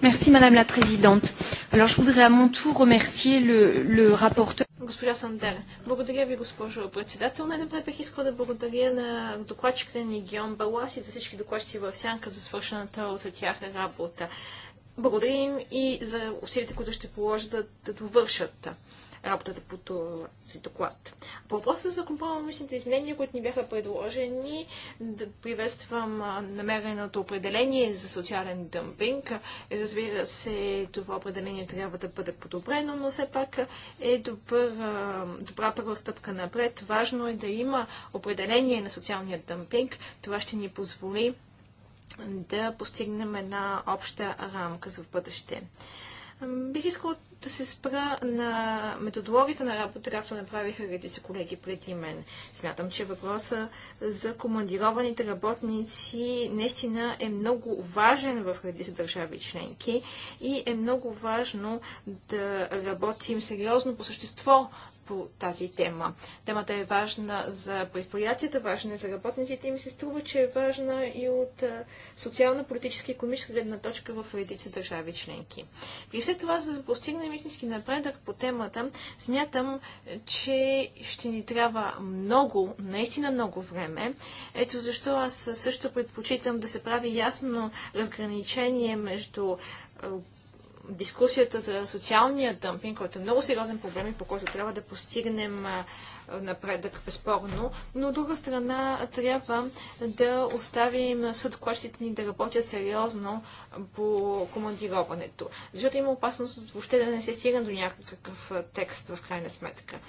Merci Madame la Présidente. Alors je voudrais à mon tour remercier le, le rapporteur. Госпожа Сандер, благодаря ви, госпожо председател. Най-напред бих искала да благодаря на докладчика ни Геон Балас и за всички докладчици в Сянка за свършената от тях работа. Благодаря им и за усилите, които ще положат да, да довършат работата по този доклад. По въпроса за компромисните изменения, които ни бяха предложени, да приветствам намереното определение за социален дъмпинг. Разбира се, това определение трябва да бъде подобрено, но все пак е добър, добра първа стъпка напред. Важно е да има определение на социалния дъмпинг. Това ще ни позволи да постигнем една обща рамка за в бъдеще. Бих искала да се спра на методологията на работа, както направиха редица колеги преди мен. Смятам, че въпроса за командированите работници наистина е много важен в за държави членки и е много важно да работим сериозно по същество по тази тема. Темата е важна за предприятията, важна е за работниците и ми се струва, че е важна и от социална, политическа и економическа гледна точка в редица държави членки. При все това, за да постигнем истински напредък по темата, смятам, че ще ни трябва много, наистина много време. Ето защо аз също предпочитам да се прави ясно разграничение между дискусията за социалния дъмпинг, който е много сериозен проблем и по който трябва да постигнем напредък, безспорно, но от друга страна трябва да оставим съдоклащите ни да работят сериозно по командироването. Защото има опасност въобще да не се стигне до някакъв текст в крайна сметка.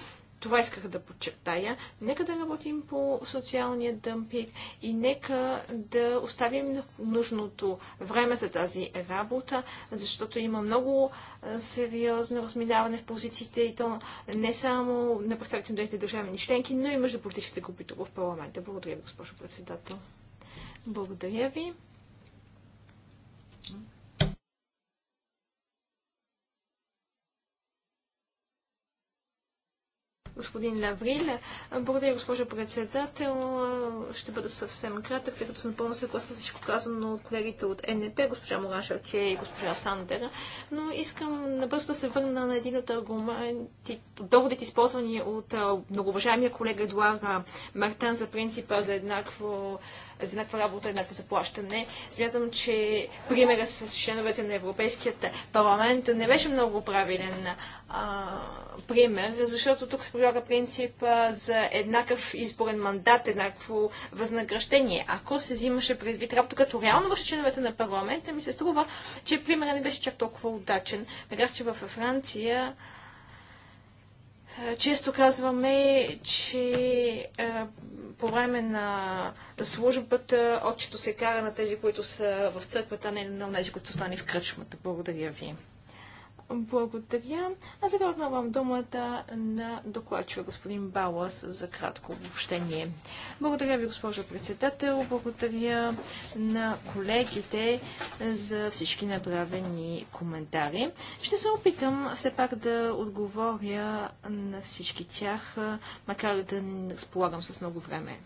Това исках да подчертая. Нека да работим по социалния дъмпинг и нека да оставим нужното време за тази работа, защото има много сериозно разминаване в позициите и то не само на представителните държавни членки, но и между политическите групи тук в парламента. Благодаря ви, госпожо председател. Благодаря ви. господин Лаврил. Благодаря, госпожо председател. Ще бъда съвсем кратък, тъй като съм напълно съгласна с всичко казано от колегите от НП, госпожа Моран Шарче и госпожа Сандера. Но искам набързо да се върна на един от аргументите, доводите, използвани от многоуважаемия колега Едуара Мартан за принципа за еднакво за някаква работа, еднакво заплащане. Смятам, че примера с членовете на Европейският парламент не беше много правилен а, пример, защото тук се прилага принцип за еднакъв изборен мандат, еднакво възнаграждение. Ако се взимаше предвид работа като реално върши членовете на парламента, ми се струва, че примерът не беше чак толкова удачен. Макар, че във Франция е, често казваме, че е, по време на службата отчето се кара на тези, които са в църквата, а не на тези, които са останали в кръчмата. Благодаря ви. Благодаря. А сега отново думата на докладчика господин Балас за кратко обобщение. Благодаря ви, госпожо председател. Благодаря на колегите за всички направени коментари. Ще се опитам все пак да отговоря на всички тях, макар да не разполагам с много време.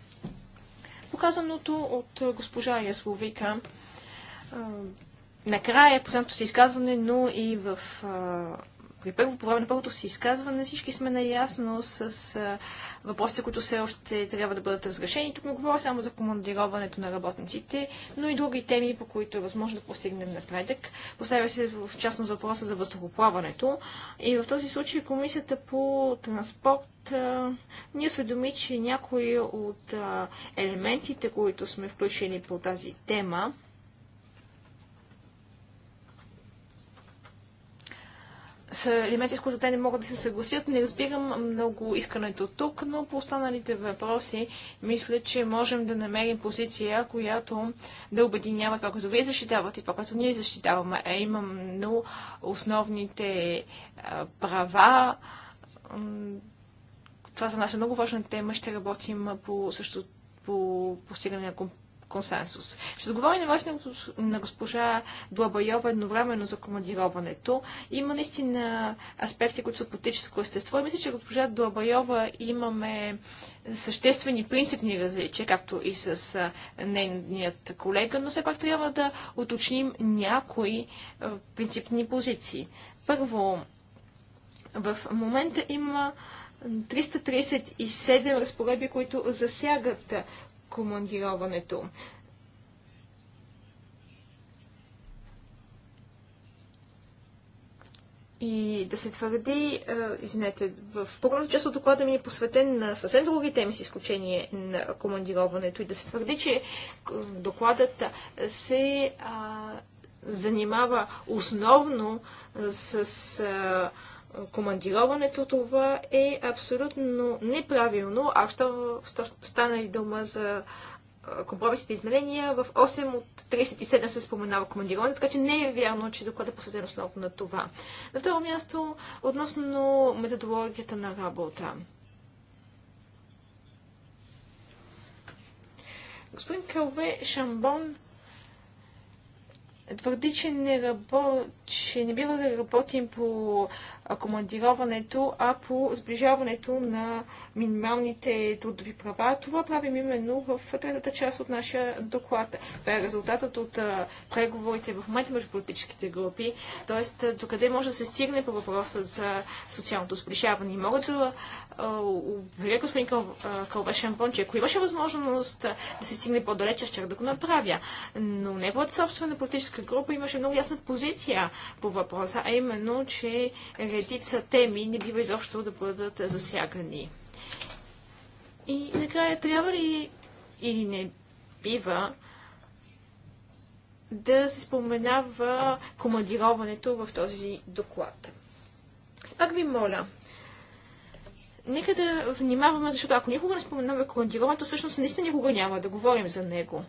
Показаното от госпожа Ясловика накрая, последното си изказване, но и в, а, при първо, по време на първото си изказване всички сме наясно с а, въпросите, които все още трябва да бъдат разрешени. Тук не говоря само за командироването на работниците, но и други теми, по които е възможно да постигнем напредък. Поставя се в частност въпроса за въздухоплаването. И в този случай комисията по транспорт Ние ни осведоми, че някои от елементите, които сме включени по тази тема, са елементи, с които те не могат да се съгласят. Не разбирам много искането тук, но по останалите въпроси мисля, че можем да намерим позиция, която да обединява това, което вие защитавате и това, което ние защитаваме. Е, а имам но основните права. Това за наша много важна тема. Ще работим по, също, по постигане на консенсус. Ще отговоря на вашето на госпожа Длабайова едновременно за командироването. Има наистина аспекти, които са политическо естество и мисля, че госпожа Длабайова имаме съществени принципни различия, както и с нейният колега, но все пак трябва да уточним някои принципни позиции. Първо, в момента има 337 разпоредби, които засягат командироването. И да се твърди, извинете, в по-голямата част от доклада ми е посветен на съвсем други теми, с изключение на командироването. И да се твърди, че докладът се а, занимава основно с а, командироването, това е абсолютно неправилно. А що, стана и дума за компромисните изменения, в 8 от 37 се споменава командироване, така че не е вярно, че докладът е посветен основно на това. На второ място, относно методологията на работа. Господин Калве Шамбон твърди, че не, рабо... че не бива да работим по командироването, а по сближаването на минималните трудови права. Това правим именно в третата част от нашия доклад. Това е резултатът от преговорите в момента между политическите групи, т.е. докъде може да се стигне по въпроса за социалното сближаване. И мога да уверя господин Къл, Кълбеш ако имаше възможност да се стигне по-далеч, ще да го направя. Но неговата собствена политическа група имаше много ясна позиция по въпроса, а именно, че редица теми не бива изобщо да бъдат засягани. И накрая трябва ли или не бива да се споменава командироването в този доклад. Пак ви моля, нека да внимаваме, защото ако никога не споменаме командироването, всъщност наистина никога няма да говорим за него.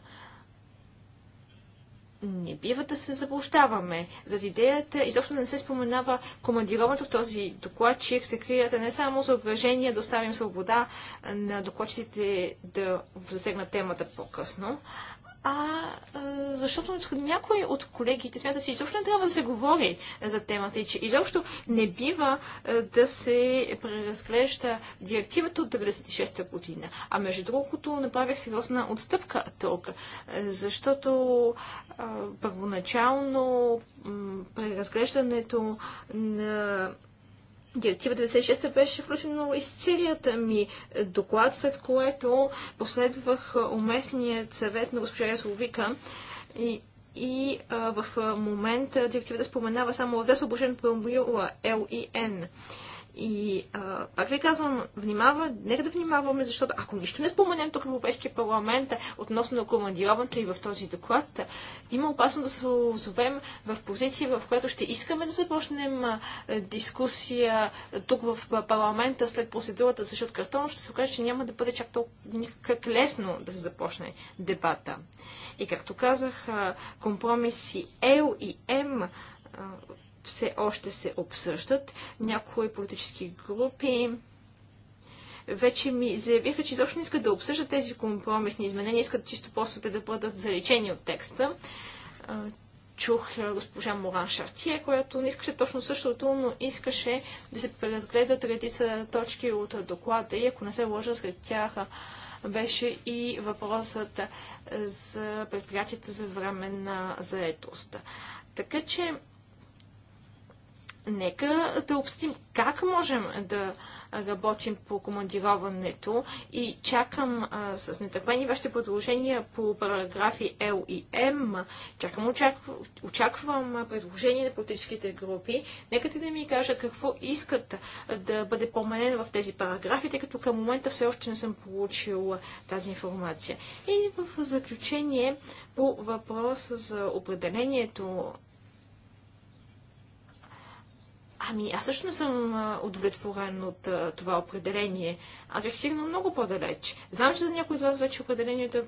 Не бива да се заблуждаваме. Зад идеята изобщо да не се споменава командироването в този доклад, че се крият не само съображения да оставим свобода на докладчиците да засегнат темата по-късно, а защото някой от колегите смята, че изобщо не трябва да се говори за темата и че изобщо не бива да се преразглежда директивата от 96-та година. А между другото направих сериозна отстъпка тук, защото а, първоначално преразглеждането на Директива 96 беше включено из целията ми доклад, след което последвах уместният съвет на госпожа Ясловика и, и а, в момента директивата споменава само в две съображения L и N. И а, пак ви казвам, внимава, нека да внимаваме, защото ако нищо не споменем тук в Европейския парламент е, относно командироването и в този доклад, е, има опасно да се озовем в позиция, в която ще искаме да започнем е, дискусия тук в парламента след процедурата, защото картон ще се окаже, че няма да бъде чак толкова никак лесно да се започне дебата. И както казах, компромиси L и М все още се обсъждат. Някои политически групи вече ми заявиха, че изобщо не искат да обсъждат тези компромисни изменения, искат чисто просто те да бъдат заличени от текста. Чух госпожа Моран Шартие, която не искаше точно същото, но искаше да се преразгледат редица точки от доклада и ако не се лъжа сред тях беше и въпросът за предприятията за време на заетост. Така че нека да обстим как можем да работим по командироването и чакам а, с нетърпение вашите предложения по параграфи L и М. Чакам, очаквам, очаквам предложения на политическите групи. Нека те да ми кажат какво искат да бъде поменено в тези параграфи, тъй като към момента все още не съм получил тази информация. И в заключение по въпроса за определението Ами, аз също не съм удовлетворен от а, това определение. Аз бях стигнал много по-далеч. Знам, че за някои от вас вече определението е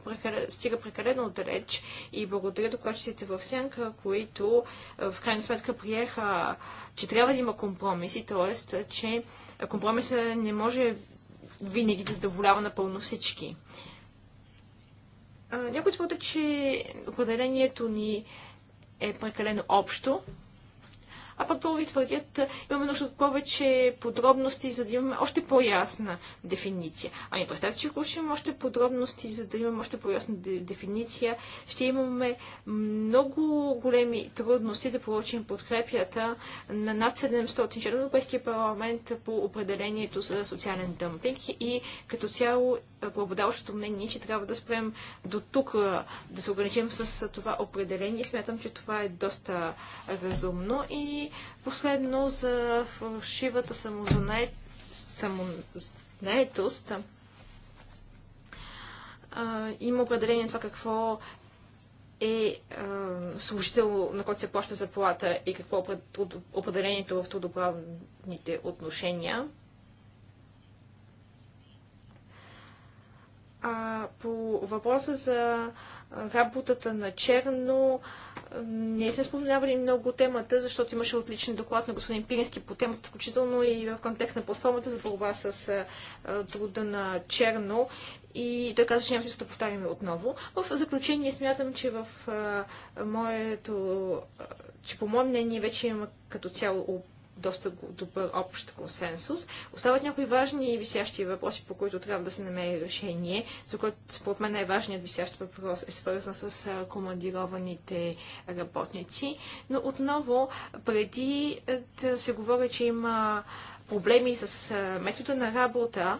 стига прекалено далеч и благодаря докладчиците в Сянка, които в крайна сметка приеха, че трябва да има компромиси, т.е. че компромиса не може винаги да задоволява напълно всички. Някои някой че определението ни е прекалено общо, а пък други твърдят, е, имаме нужда от повече подробности, за да имаме още по-ясна дефиниция. Ами представете, че ако ще имаме още подробности, за да имаме още по-ясна дефиниция, ще имаме много големи трудности да получим подкрепята на над 700 члена Европейския парламент по определението за социален дъмпинг и като цяло преобладаващото мнение, че трябва да спрем до тук, да се ограничим с това определение. Смятам, че това е доста разумно. И последно за фалшивата самозанает, самозанаетост. Има определение това какво е а, служител, на който се плаща заплата и какво е определението в трудоправните отношения. А, по въпроса за работата на черно, не сме споменавали много темата, защото имаше отличен доклад на господин Пирински по темата, включително и в контекст на платформата за борба с а, труда на черно. И той каза, че няма да повтаряме отново. В заключение смятам, че в а, моето, а, че по мое мнение вече има като цяло доста добър общ консенсус. Остават някои важни и висящи въпроси, по които трябва да се намери решение, за което според мен най-важният висящ въпрос е свързан с командированите работници. Но отново, преди да се говори, че има проблеми с метода на работа,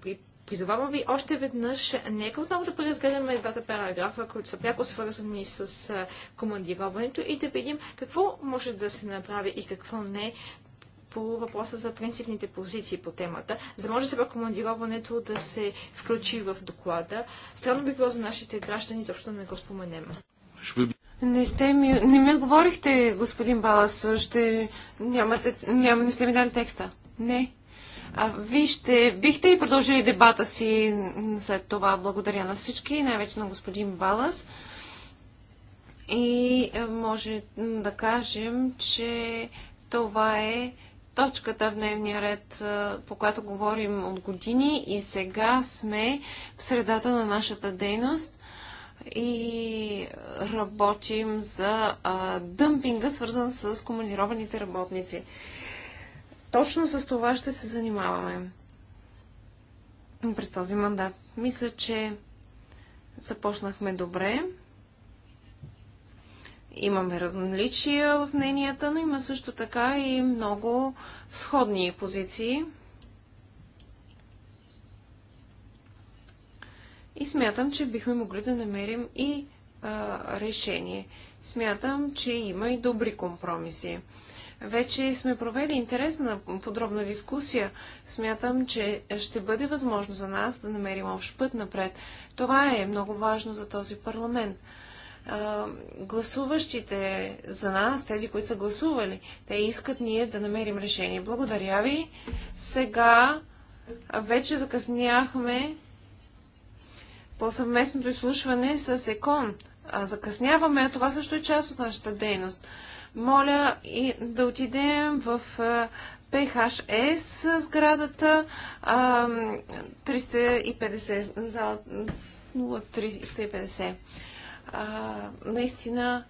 при Призовавам ви още веднъж, нека отново да преразгледаме двата параграфа, които са пряко свързани с командироването и да видим какво може да се направи и какво не по въпроса за принципните позиции по темата, за може сега командироването да се включи в доклада. Странно би било за нашите граждани, защото не го споменем. Не, сте ми, не ми отговорихте, господин Балас. Ще нямате, ням, не сте ми дали текста. Не. А, вижте, бихте и продължили дебата си след това. Благодаря на всички, най-вече на господин Балас. И е, може да кажем, че това е точката в дневния ред, е, по която говорим от години и сега сме в средата на нашата дейност и работим за а, е, дъмпинга, свързан с командированите работници. Точно с това ще се занимаваме през този мандат. Мисля, че започнахме добре. Имаме различия в мненията, но има също така и много сходни позиции. И смятам, че бихме могли да намерим и а, решение. Смятам, че има и добри компромиси. Вече сме провели интересна подробна дискусия. Смятам, че ще бъде възможно за нас да намерим общ път напред. Това е много важно за този парламент. гласуващите за нас, тези, които са гласували, те искат ние да намерим решение. Благодаря ви. Сега вече закъсняхме по съвместното изслушване с ЕКОН. закъсняваме, а това също е част от нашата дейност. Моля и да отидем в ПХС сградата 350, зала 0350. наистина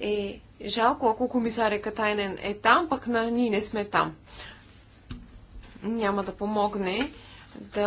е жалко, ако комисаря Катайнен е там, пък на ние не сме там. Няма да помогне да